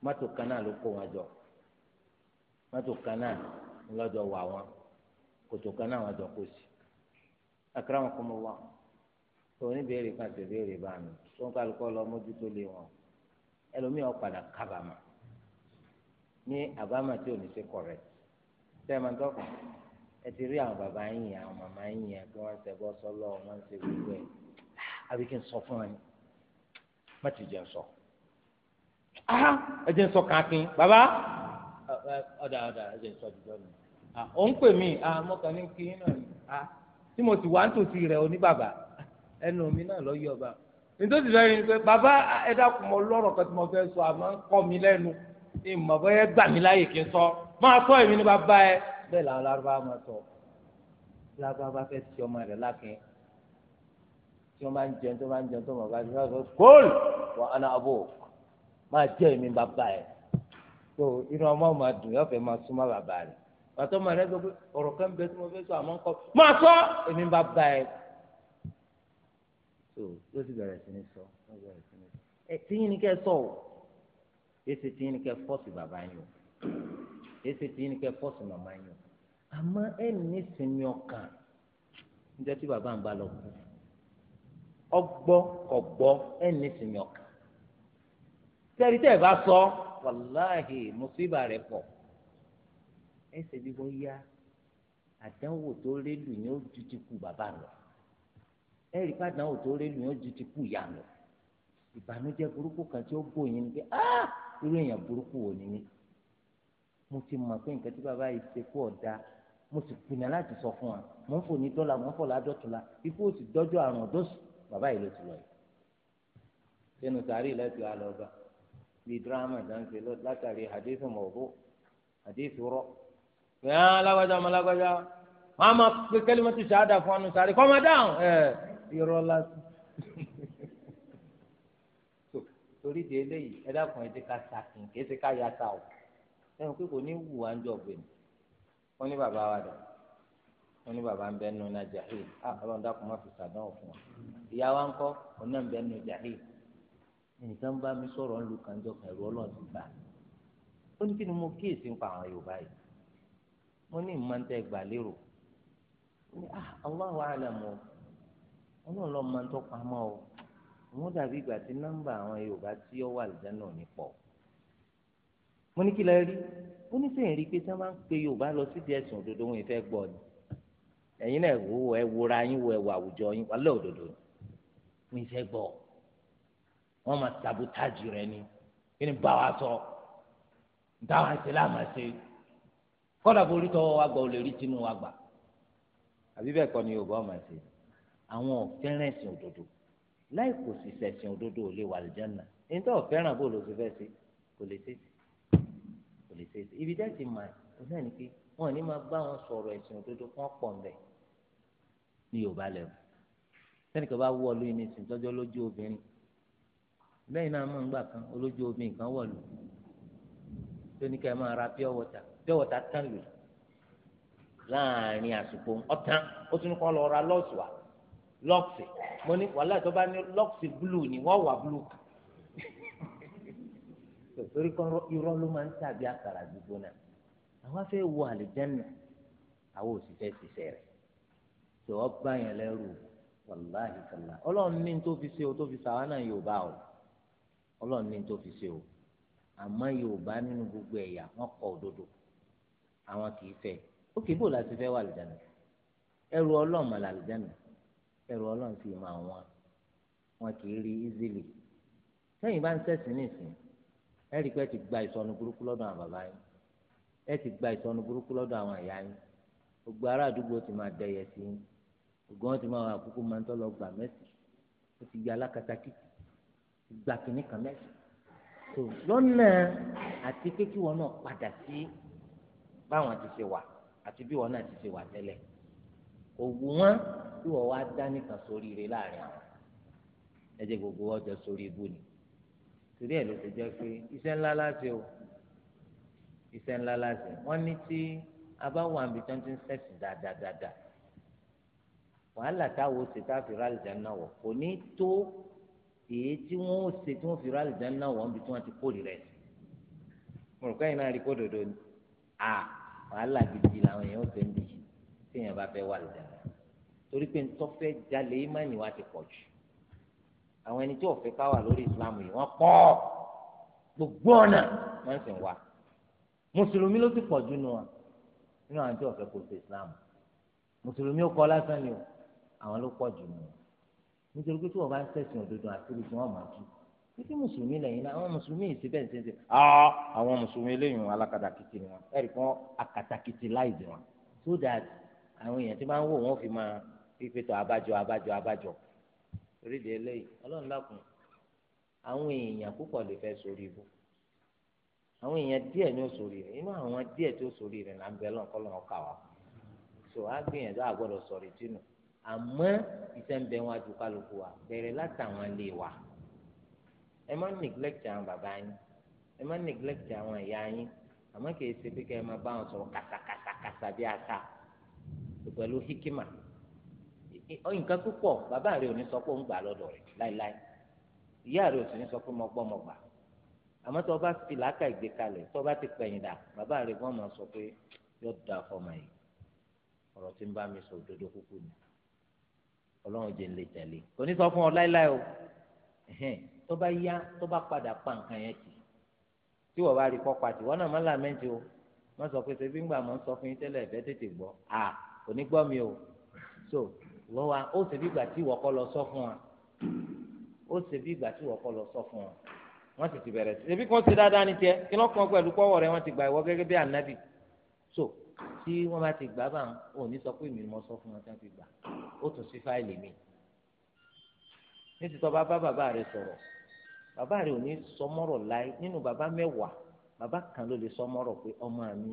mọ́tò kan náà ló kó wọn jọ mọ́tò kan náà lọ́jọ́ wà wọn kòtò kan náà wọn jọ kó sí akramakumullah tó oníbèrè kan sì béèrè bá mi tó ń kálukọ lọ mójútó lé wọn ẹlòmíràn padà kábàámà ní àbámà tí ò ní ṣe correct sẹ́ẹ̀mà tọkàn ẹ ti rí àwọn bàbá yín yẹn àwọn màmá yín yẹn kí wọ́n ṣe bọ́ sọ́lọ́ wọ́n ṣe gbogbo ẹ̀ àbí kí n sọ fún wọn má ti jẹun sọ. ẹ jẹ́ ń sọ kankin bàbá ọ̀dà ọ̀dà ẹ jẹ́ sọ jùlọ nù. ò ń pè mí mọ́kàn ní kí náà ni tí mo ti wá nítòsí rẹ̀ oní bàbá ẹnu mi náà lọ yí nítòsí rẹ̀ ni pé bàbá ẹ dákun mọ́ lọ́rọ̀ kan tí mo fẹ́ sọ àmọ́ ń kọ́ mi lẹ́nu ìmọ̀ bọ́yẹ́ gbà mí láyè kí n sọ máa sọ èmi ní bàbá ẹ bẹ́ẹ̀ làwọn lárúbá máa sọ lárúbá bá fẹ́ ti ọmọ rẹ̀ lákìn tí wọ́n bá ń jẹun tó bá ń jẹun tó bá ń jẹun tó kóòl wà á náà bò máa jẹ́ èmi bàbá ẹ̀ tó inú ọmọ máa dùn yọ̀fẹ́ máa súnmọ́ bàbá rẹ̀ pàtó máa rẹ́ gbogbo ọ̀rọ̀ kan bẹ́ẹ̀ tí mo fẹ́ sọ àmọ́ kọ́ máa sọ èmi bàbá ẹ̀ tó ló ti bẹ̀rẹ̀ sí ni sọ o èsì tí yín kẹ́ fọ́ọ̀sì màmá yín àmọ́ ẹ̀ ní sinmi ọkàn níjọ́ tí bàbá ń bá lọ kú ọgbọ́ ọgbọ́ ẹ̀ ní bá sọ wàláhì mùsíbà rẹ pọ̀ ẹ̀ bí wọ́n ya àdánwò tó ni ó ju ti bàbá lọ ah irú èèyàn burúkú mo ti mọ̀ pé nǹkan tí bàbá yìí ṣe kú ọ̀dà mo sì pinna láti sọ fún wa mo ń fò ní dọ́là mo ń fò ládọ́tula ikú òsì dọ́jọ́ àrùn ọ̀dọ́sù bàbá yìí ló ti lọ yìí. sínú sàárì lẹ́tọ̀ọ́ àlọ́ba bíi dírámà dáńsẹ̀ látàrí hadith mawdu hadith rọ. bẹ́ẹ̀ alágbájá ọmọ alágbájá wọn a máa pe kẹ́límọ́tì ṣáádà fún ọnù sàárì kọ́ máa dáhùn ẹ̀ irọ́ lásán. torí di eléyìí ẹ dákun ẹ ti ká sàkín kì í ti ká yàtà o ẹnu pé kò ní wù wá ń jọ pé ni wọ́n ní bàbá wa dà wọ́n ní bàbá ń bẹ nù náà jàhíì à ọlọ́run dákun má fi sàdánwò fún wa ìyá wa ń kọ́ òun náà ń bẹ nù jàhíì ẹnìkan bá mi sọ̀rọ̀ ń lu kànjọ kan ẹ̀rọ ọlọ́run ti gbà ó ní kí ni mo kíyèsí ń pa àwọn Yorùbá yìí mo ní ìmọ̀ntẹ́ gbà lérò ní ah Allahu alam o ọlọ́run lọ́ọ́ máa ń tọ́pamọ́ o wọ́n dàbí ìgbà tí nọ́mbà àwọn Yorùbá tí ó wà lìjánà ò ní pọ̀ o mo ní kí lẹ rí ó ní sẹ́yìn rí i pé tí wọ́n máa ń pe yorùbá lọ sídìí ẹ̀sìn òdodo wọn ìfẹ́ gbọ́ ni ẹ̀yin náà wò ó ẹ wòra yín wò ẹ wò àwùjọ yín wà lẹ́ òdodo ni wọn ìfẹ́ gbọ́ wọn máa sabotage rẹ ni kí ni bá wa sọ dáhùn àti láàmà ṣe kọ́dà borí tọ́wọ́ wa gbà ó lè rí tinú wa gbà àbí bẹ́ẹ̀ kọ́ ni yorùbá ọmọ ṣe àwọn ọ̀fẹ́ràn ẹ̀sìn òdodo láì kò sì ṣẹ̀sìn òdodo ò lè wà lìjánà ẹni tó ọ̀fẹ́ràn bó ló ti fẹ́ ṣe kò lè ṣe ṣe kò lè ṣe é ibi tẹ́ ti mà ó náà ni pé wọn ò ní máa bá wọn sọ̀rọ̀ ẹ̀sìn òdodo kán pọ̀ ńbẹ ní yorùbá lẹ́wọ̀ sẹ́nìkan bá wọ ọlú ní ìsìn tọ́jọ́ lójú obìnrin lẹ́yìn náà mọ̀ nígbà kan olójú obìnrin kan wọ̀ lù tó ní ká ẹ máa ra pure water pure water tán lù láàrin àsìkò ọ̀tán ó tún kọ́ lọ ra lọ́ọ̀sì wa lọ́ọ̀sì mo ní wàhálà tó bá ní lọ́ọ̀sì blue ni wọ́n wà blue torí kan irọ́ ló máa ń tàbí àkàrà gbígbóná àwa fẹ́ wọ àlìjẹ́nà àwọn òṣìṣẹ́ ṣiṣẹ́ rẹ̀ tó ọ bá yẹn lẹ́rù wàláhì sàlá ọlọ́run ní tó fi ṣe o tó fi ṣàwọn náà yorùbá o ọlọ́run ní tó fi ṣe o àmọ́ yorùbá nínú gbogbo ẹ̀yà wọ́n kọ òdodo àwọn kì í fẹ́ ó kì í bò láti fẹ́ wà àlìjẹ́nà ẹrù ọlọ́run mà làlìjẹ́nà ẹrù ọlọ́run sì máa wọn wọn kì í rí ízìlì sẹ́yìn bá ń sẹ́sìn nísìnyí ẹ rí i pé ẹ ti gba ìsọnù burúkú lọ́dọ̀ àwọn bàbá yín ẹ ti gba ìsọnù burúkú lọ́dọ̀ àwọn ìyá yín gbogbo ará àdúgbò ti máa dẹyẹ sí yín gbogbo wọn ti máa wà kúkú máa ń tọ́ lọ gbà mẹ́sì ó ti ya alákatá kìkì gbà kìíní kan mẹ́sì tó lọ́nà àti pé wọn náà padà sí báwọn ti ṣe wà àti bí wọn náà ti ṣe wà tẹ́lẹ̀ òwú wọn bí wọn wá dá nìkan sóríire láàrin àwọn ẹ jẹ́ gbogbo ọjọ́ sórí ibú ni torí ẹ̀ ló ti jẹ́ pé iṣẹ́ ńlá láti o iṣẹ́ ńlá láti wọ́n ní tí a bá wà níbi tí wọ́n ti ń sẹ̀sìn dáadáa wàhálà táwọn ṣe tá a fi rálì jẹ́ náà wọ̀ kò ní tó èyí tí wọ́n ó ṣe tí wọ́n fi rálì jẹ́ náà wọ̀ níbi tí wọ́n ti kó rẹ̀ sí mo rò káyìn náà rí kó dòdò ni à wàhálà gidi làwọn èèyàn ó ń bì tí èèyàn bá fẹ́ wà lùdà torí pé ntọ́fẹ́ jalè ìmánìí wa ti pọ̀ jù àwọn ẹni tí ò fẹ́ ká wà lórí islam yìí wọ́n pọ̀ gbogbo ọ̀nà wọ́n sì ń wá mùsùlùmí ló ti pọ̀ jù nù wọn nínú àwọn tí ò fẹ́ kó ṣe islam mùsùlùmí ó kọ́ lásán ni o àwọn ló pọ̀ jù nù wọn nítorí pé tí wọ́n bá ń ṣẹ̀sìn òdodo àṣírí tí wọ́n máa tú títí mùsùlùmí lẹ́yìn náà àwọn mùsùlùmí yìí ti bẹ́ẹ̀ ṣe ṣe àwọn mùsùlùmí lẹ́yìn alákatakìtì ni wọn ẹ̀rì kan akatakìtì láìdì wọn so that àwọn èèyàn ti máa ń wò wọ́n fi máa fífi tó abájọ abájọ abájọ rịdị eléyìí ọlọ́run dákun àwọn èèyàn púpọ̀ lè fẹ́ sórí ibú àwọn èèyàn díẹ̀ ní òsòrí rẹ̀ inú àwọn díẹ̀ tí òsòrí rẹ̀ là ń bẹ lọ́n kọ́lọ́n wa so á gbìyànjú àgbọ̀dọ̀ sọ̀rọ̀ ìtinú àmọ́ iṣẹ́ ń bẹ wọn ju kálukú wa bẹ̀rẹ̀ látàwọn ẹ má àwọn bàbá yín ẹ má àwọn ìyá yín àmọ́ ṣe pé kẹ́ ẹ máa bá wọn hikima nǹkan púpọ̀ bàbá rẹ̀ ò ní sọ pé òun gbà lọ́dọ̀ rẹ̀ láéláé ìyá rẹ̀ ò sì ní sọ pé mo gbọ́ mo gbà àmọ́ tó o bá fi làákà ìgbé kalẹ̀ tó o bá ti pẹ̀yìn dà bàbá rẹ̀ gbọ́n mọ̀ sọ pé yóò da fọmọ yìí ọ̀rọ̀ tí ń bá mi sọ òdodo kúkú ni ọlọ́run jẹ́ ń lè tẹ̀lé kò ní sọ fún ọ láéláé o tó bá yá tó bá padà pa nǹkan yẹn tì tí wọ́n bá rí kọ́ pàtì wọ́n náà má làmẹ́ntì o wọ́n sọ pé ṣebí ńgbà mọ́ sọ fún yín tẹ́lẹ̀ ẹ̀fẹ́ tètè gbọ́ à kò ní gbọ́ mi o so wọ́n wá ó ṣe bí ìgbà tí ìwọ́kọ́ lọ sọ fún wa ó ṣe bí ìgbà tí ìwọ́kọ́ lọ sọ fún wa wọ́n sì ti bẹ̀rẹ̀ sí ebi kan ṣe dáadáa ní tiẹ̀ kí lọ́kàn pẹ̀lú pọ́wọ́ rẹ wọ́n ti gbà ìwọ gẹ́gẹ́ bí ànábì so tí wọ́n bá ti gbà bá wọn ò ní sọ pé èmi mo sọ fún wọn tí wọ́n ti gbà ó tún sí fáìlì mi nítìtọ́ bá bá bàbá rẹ sọ̀rọ̀ bàbá rẹ ò ní sọmọ́rọ̀ láì nínú bàbá mẹ́wàá bàbá kan ló lè sọmọ́rọ̀ pé ọmọ mi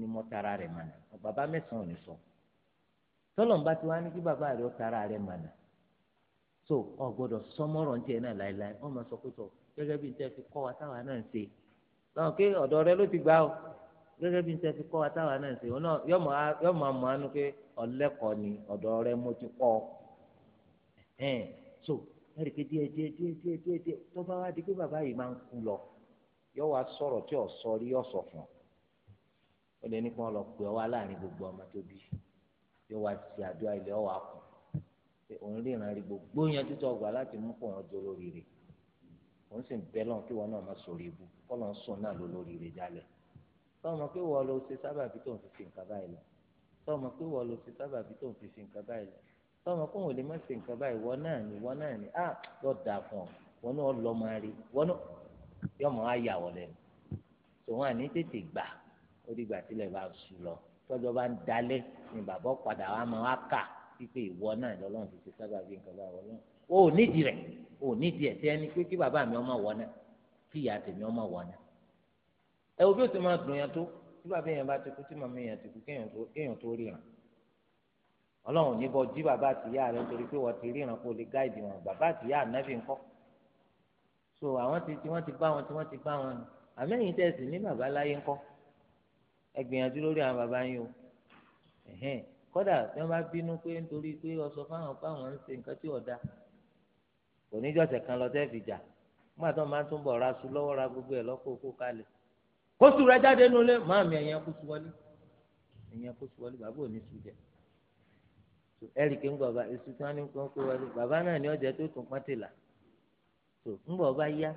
ni mo tara rẹ̀ mọ̀nà bàbá mẹ́sàn-án ò ní sọ̀rọ̀ tọ́lọ̀mùbá ti wá ní kí bàbá rẹ̀ ó tara rẹ̀ mànà so ọ gbọ́dọ̀ sọmọ́rọ̀ ní tiẹ̀ náà láéláé wọ́n máa sọ pé tọ̀ gẹ́gẹ́ bí n tẹ́ fi kọ́ wa táwa náà ń ṣe lọ́wọ́ pé ọ̀dọ̀ rẹ ló ti gbà ó gẹ́gẹ́ bí n tẹ́ fi kọ́ wa táwa náà ń ṣe òun náà yọ máa mọ̀ ánú pé ọ̀lẹ́kọ̀ọ́ ni ọ̀dọ̀ rẹ mo ti kọ́ ẹ̀hẹ́n so ẹ̀rì pé díẹ̀ díẹ̀ díẹ̀ díẹ̀ díẹ̀ díẹ̀ tó bá wá di pé bàbá yìí máa ń kú lọ yọ wá sọ̀rọ̀ tí ò sọ rí ọ̀sọ̀ fún ọ lẹ́ni kan lọ pè ọ wá láàrin gbogbo ọmọ tó bí yóò wá ti àdúrà ilẹ̀ ọ̀wà kùn pé òun rí ìrànlẹ́ gbogbo yanjú tó ọgbà láti mú kó wọn jọ lórí rẹ̀ òun sì ń bẹ́ lọ́n kí wọn náà má sọ̀rọ̀ ibu kọ́ lọ́n sùn náà ló lórí rẹ̀ jálẹ̀ tọ́mọ pé wọ́n lọ ṣe sábàbí tó ń fi fi nǹkan báyìí lọ tọ́mọ pé wọ́n lọ ṣe sábàbí tó ń fi fi nǹkan báyìí lọ tọ́mọ pé wọ́n lè má ṣe nǹkan báyìí wọ́n náà ni wọ́n náà ni á lọ́ọ́ dà fún ọ wọn náà lọ́ máa rí wọn náà yọmọ á yà wọlé tòun àní tètè gbà ó dìgbà tilẹ̀ bá sùn lọ tọ́jọ́ bá ń dalé ni bàbá padà wà máa wá kà pípé ìwọ náà lọ́lọ́run ti ṣe sábà bí nǹkan bá wọ lọ́run o ò nídìí rẹ̀ o ò nídìí ẹ̀ tí ẹni pé kí bàbá mi ọmọ wọ náà kí ìyá tèmi ọmọ wọ náà ẹ wo bí o ti máa dùn yẹn tó tí bàbá yẹn bá ti kú tí màmá yẹn ti kú kéèyàn tó ríran ọlọ́run ní bọ́ jí bàbá àtìyá rẹ torí pé wọ́n ti ríran kó lè gáìdì wọn bàbá àtìyá ànábì ńkọ́ so àwọn ti tí wọ́n ti bá wọn tí wọ́n ti bá wọn àmẹ́yìn tẹ̀sí ní bàbá láyé ńkọ́ ẹ gbìyànjú lórí àwọn bàbá yín o kódà tí wọ́n bá bínú pé nítorí pé ọsọ fáwọn fáwọn ń ṣe nǹkan tí ò da kò ní jọ̀sẹ̀ kan lọ tẹ́ fi jà nígbà tó máa ń túbọ̀ ra su lọ́wọ́ ra gbogbo ẹ̀ lọ́kọ̀ kó kalẹ̀ kó su rẹ jáde nulẹ̀ máa mi ẹ̀yàn kó su wọlé ẹ̀yàn kó su wọlé bàbá ò ní su jẹ ẹ̀rì kí ń gbọ̀ èsì tí wọ́n ní kó wọlé bàbá náà ní ọjà tó tún pátìlà tó ń gbọ̀ bá yá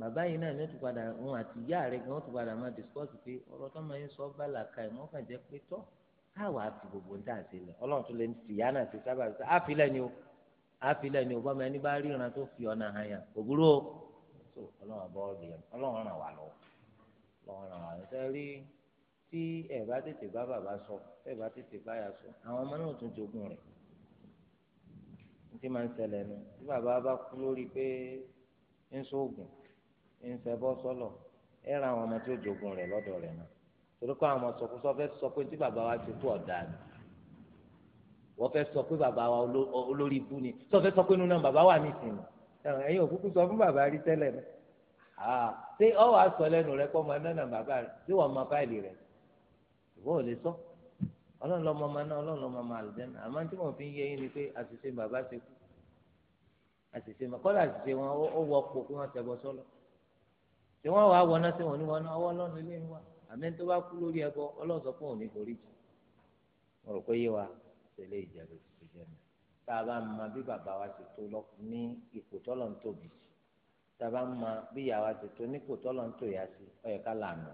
bàbá yìí náà ní o tún padà òun àti ìyá rẹ̀ gan o tún padà máa discuss pé ọ̀rọ̀ tó máa ń sọ bàlàkà ẹ̀ wọ́n kàn jẹ́ pé tọ́ káwa àti gbogbo ń tà sí lẹ̀ ọlọ́run tó lè fi ìyá náà ti sábà sí àfilẹ̀ ni o àfilẹ̀ ni o bọ́mọ ẹni bá ríran tó fi ọ̀nà hàn yàn òbúrò so ọlọ́run bọ́ ọ̀rọ̀ yẹn ọlọ́run ràn wá lọ́wọ́ ọlọ́run ràn wá lọ́wọ́ sẹ́rí tí ẹ̀ bá tètè bá bàbá sọ tẹ́ bá tètè bá yà sọ àwọn ọmọ náà tún jogún rẹ̀ ní máa ń ṣẹlẹ̀ nu tí bàbá bá kú lórí pé ń sóògùn ń ṣẹbọ sọlọ ẹ ra àwọn ọmọ tí o jogun rẹ̀ lọ́dọ̀ rẹ̀ náà torí kọ́ àwọn ọmọ sọkúsọ fẹ́ sọ pé tí bàbá wa ti kú ọ̀dà ni wọ́n fẹ́ sọ pé bàbá wa olórí ibú ni sọ fẹ́ sọ pé nínú náà bàbá wa ní ìsìn ẹ̀yin òkúkú sọ fún bàbá rí tẹ́lẹ̀ náà ṣé ọ wàá sọ lẹ́nu rẹ kọ́ ọmọ náà bàbá rẹ ṣé wọ́n mọ fáìlì rẹ ìwọ ò lè sọ ọlọ́run lọ́mọ ọmọ náà ọlọ́run lọ́mọ ọmọ àlùjẹ́nà àmọ́ tí mo fi ń yé yín ni pé àṣìṣe bàbá ti kú àṣìṣe kọ́lá àṣìṣe wọn ó wọ́pọ̀ pé wọ́n tẹ̀ bọ́ sọ́lọ́ tí wọ́n wàá wọná sí wọn ní wọn náà ọwọ́ lọ́nà ilé wa àmì tó bá kú lórí ẹbọ ọlọ́sọ fún òní forí jù wọn rò pé yé wa tẹ̀lé ìjẹ́bù ti jẹ́ mi tá a bá mọ bí bàbá wa ti tó lọ ní ipò tọ́lọ̀ ń tóbi tá a bá mọ bí ìyá wa ti tó nípò tọ́lọ̀ ń tòyà sí ó yẹ ká lànà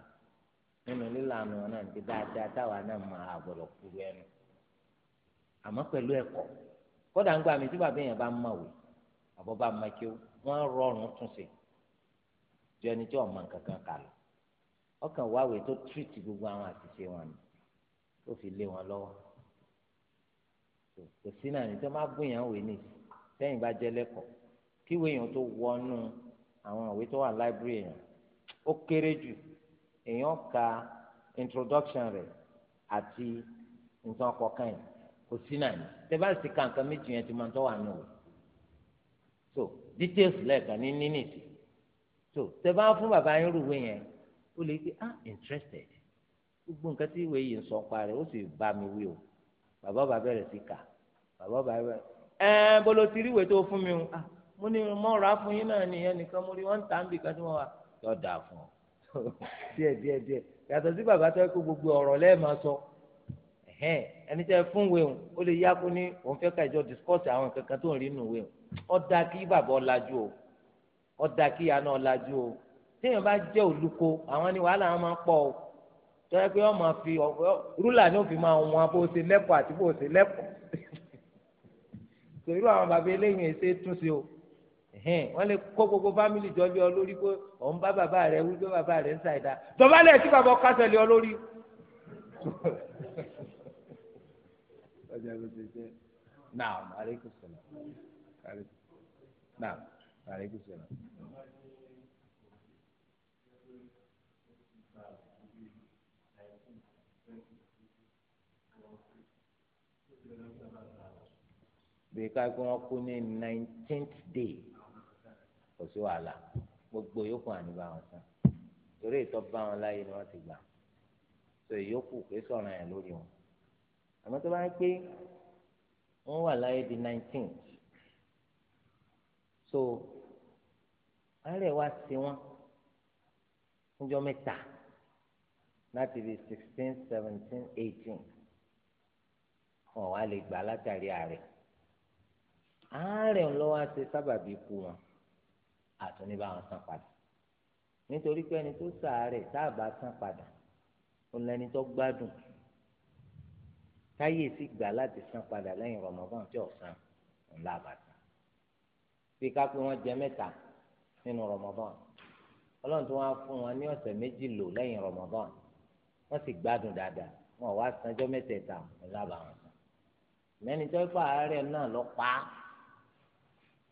nínú lílànà wọn náà ti dáadáa táwa náà máa àgbọ̀dọ̀ kúrú ẹnu àmọ́ pẹ̀lú ẹ̀kọ́ kódà ń gbà mí tí bàbá èèyàn bá mọ̀wé àbọ̀ bá mọ̀ kí wọ́n rọrùn túnṣe ju ẹni tí ọmọ kankan kà lọ ọkàn wáwèé tó tírìtì gbogbo àwọn àṣìṣe wọn ni tó fi lé wọn lọ́wọ́ kò sí náà ní tó má gbìyànjú wèé nìyí sẹ́yìn bá jẹ́ lẹ́kọ̀ọ́ kí wéèyàn tó wọnú àwọn ìwé tó wà láìbírì èèyàn ó kéré jù èèyàn ka introduction rẹ̀ àti nǹkan ọkọ̀ọ̀kan yìí kò sí náà ní tẹ́bá sì méjì yẹn ti máa tọ́ wà nù so details lẹ́ẹ̀kan ní nínìtì so tẹ bá fún bàbá yín rúwé yẹn ó lè pe ah interested gbogbo nǹkan tí ìwé yìí ń sọ pa rẹ ó sì bá mi wí o bàbá bàbá bẹ̀rẹ̀ sí kà bàbá bàbá bẹ̀rẹ̀ ẹ bolo ti rí ìwé tó fún mi o ah mo ní mo rà á fún yín náà nìyẹn nìkan mo rí wọn ń tà ń bì kan tí wọn wà yọ dà fún ọ díẹ̀ díẹ̀ díẹ̀ yàtọ̀ sí bàbá tó yẹ kó gbogbo ọ̀rọ̀ lẹ́ẹ̀ máa sọ ẹni tẹ fún wẹ̀ o ó lè yá kó ní òun fẹ́ ká ìjọ discourse àwọn kankan tó ń rí nù wẹ̀ o ó dáa kí bàbá ọ̀làjú o ọ̀dà kíyà náà lajú o téèyàn bá jẹ́ olùkọ́ àwọn ni wàhálà wọn máa pọ̀ o tọ́jà pé wọ́n máa fi rúlà ní òfin máa wọn bó ṣe lẹ́kọ̀ọ́ àti bó ṣe lẹ́kọ̀ọ́ pẹ̀lú àwọn bàbá eléyìí ẹ̀ tún sí o wọ́n lè kó gbogbo fámìlì jọ lé ọ lórí pé òun bá bàbá rẹ̀ wí pé bàbá rẹ̀ ń ṣàìdá dọ̀bálẹ̀ tí bàbá kásẹ̀ lé ọ lórí ọjà ló ti jẹ naam aleykum salaam naam aleykum salaam. bí ká pé wọ́n kú ní nineteenth day kò sí wàhálà gbogbo yòókù àníbá wọn sàn torí ìtọ́ bá wọn láyé ni wọ́n ti gbà so ìyókù pé sọ̀rọ̀ yẹn lórí wọn àmọ́ tó bá ń pé wọ́n wà láyé di nineteenth so àárẹ̀ wá sí wọn níjọ́ mẹ́ta láti di sixteen seventeen eighteen wọn wá lè gbà látàrí àárẹ̀ àárẹ̀ ńlọ́wọ́ ṣe sábàbí ikú wọn àtúní bá wọn san padà nítorí pé ẹni tó sàárẹ̀ sáàbà san padà òun lẹni tó gbádùn táyé sì gbà láti san padà lẹ́yìn rọmọbọ́n tí ọ̀sán ńlá bàtà fi ká pé wọ́n jẹ mẹ́ta nínú rọmọbọ́n ọlọ́run tó wá fún wọn ní ọ̀sẹ̀ méjì lò lẹ́yìn rọmọbọ́n wọ́n sì gbádùn dáadáa wọn wá sanjọ́ mẹ́tẹ̀ẹ̀ta ńlá bàwọn mẹ́ni tó ń pa àárẹ̀ náà lọ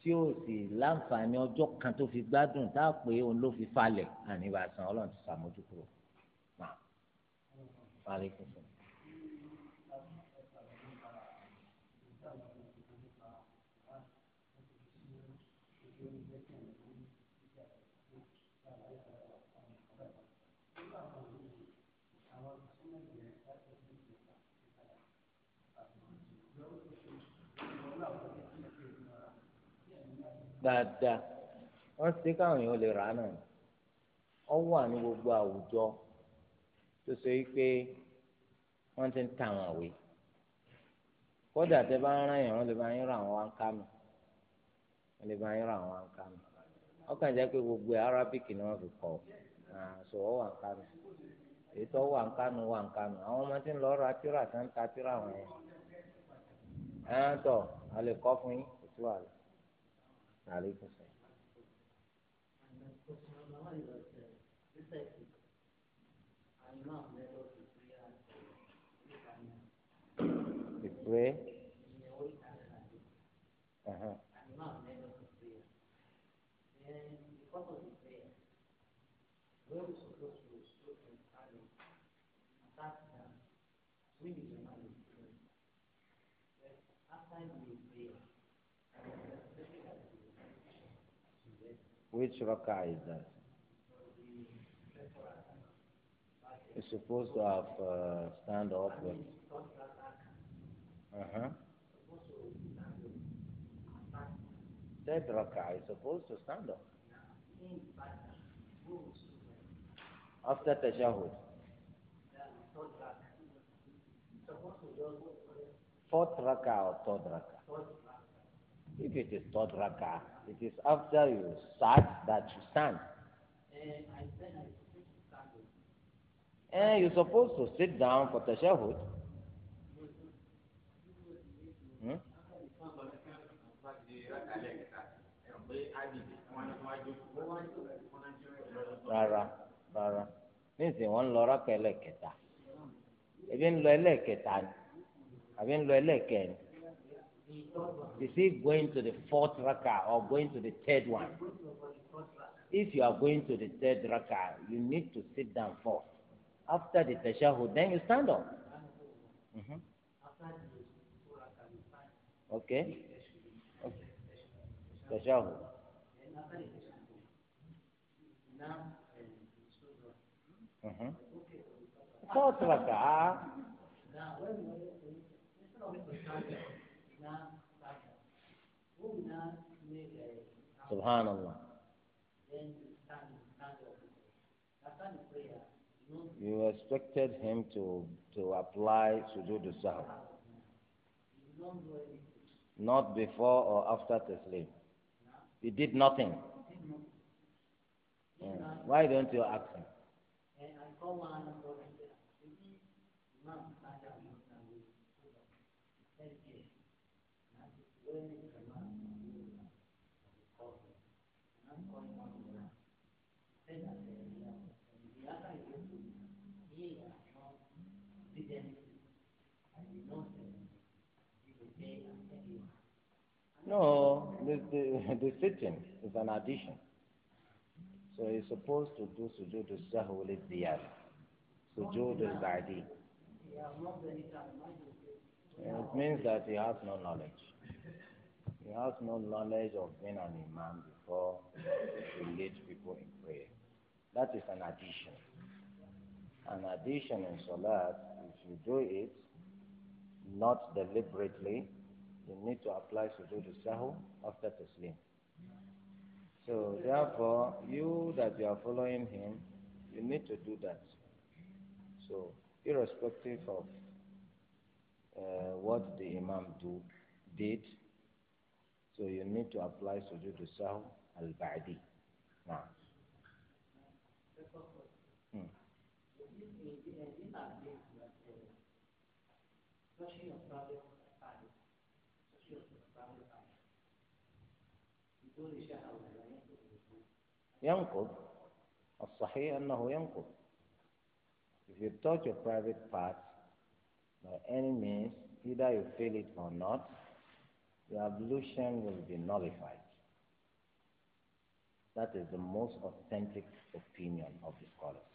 tí ó sì láǹfààní ọjọ́ kan tó fi gbádùn tá a pé òun ló fi falẹ̀ àníbàṣán ọlọ́run ti sàmójú kúrò. Wa alaikum. dáadáa wọ́n ṣe káwọn lè ọ wà ní gbogbo àwùjọ tó ṣe wípé wọ́n ti ń ta àwọn àwé kódà tẹ bá ń rán yẹn lè bá yín ra àwọn àǹkà lè bá gbogbo Arabic ni fi àṣọ ọ wà àǹkà ètò ọ wà àǹkà wà àǹkà àwọn ọmọ tí ń lọ ra tíra tí ń عليكم السلام It's way. Uh-huh. Which rak'ah is that? It's supposed to have uh, stand up. Uh huh. Third rak'ah is supposed to stand up. After tashahud. Fourth rak'ah or third rak'ah? If it is third rakah, it is after you sat that you stand. And eh, you're supposed to sit down for tashahud. Hmm? Rárá rárá nísìnyí wọ́n ń lọ rákà ẹlẹ́kẹta ebi ń lọ ẹlẹ́kẹta ni àbí ń lọ ẹlẹ́kẹrin is he going to the fourth raka or going to the third one? If you are going to the third raka, you need to sit down first. After the tashahud, then you stand up. Mm-hmm. Okay. okay. Tashahud. Mm-hmm. Fourth raka. Subhanallah. You expected him to, to apply the sahw. Not before or after taslim. He did nothing. Yeah. Why don't you ask him? No, the, the, the sitting is an addition. So he's supposed to do sujood al-sahw al-ziyad, sujood al-ba'di. It means that he has no knowledge. He has no knowledge of being an imam before he leads people in prayer. That is an addition. An addition in salat, if you do it, not deliberately, you need to apply sujood sahu after taslim. So therefore, you that you are following him, you need to do that. So irrespective of uh, what the imam do did, so you need to apply sujood sahu al badi. Now. Hmm. ينقض الصحيح أنه ينقض if you touch your private part by any means either you feel it or not the ablution will be nullified that is the most authentic opinion of the scholars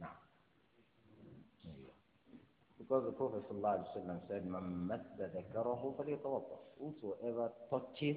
now because the Prophet ﷺ said, "Man masda dhakarahu Whosoever touches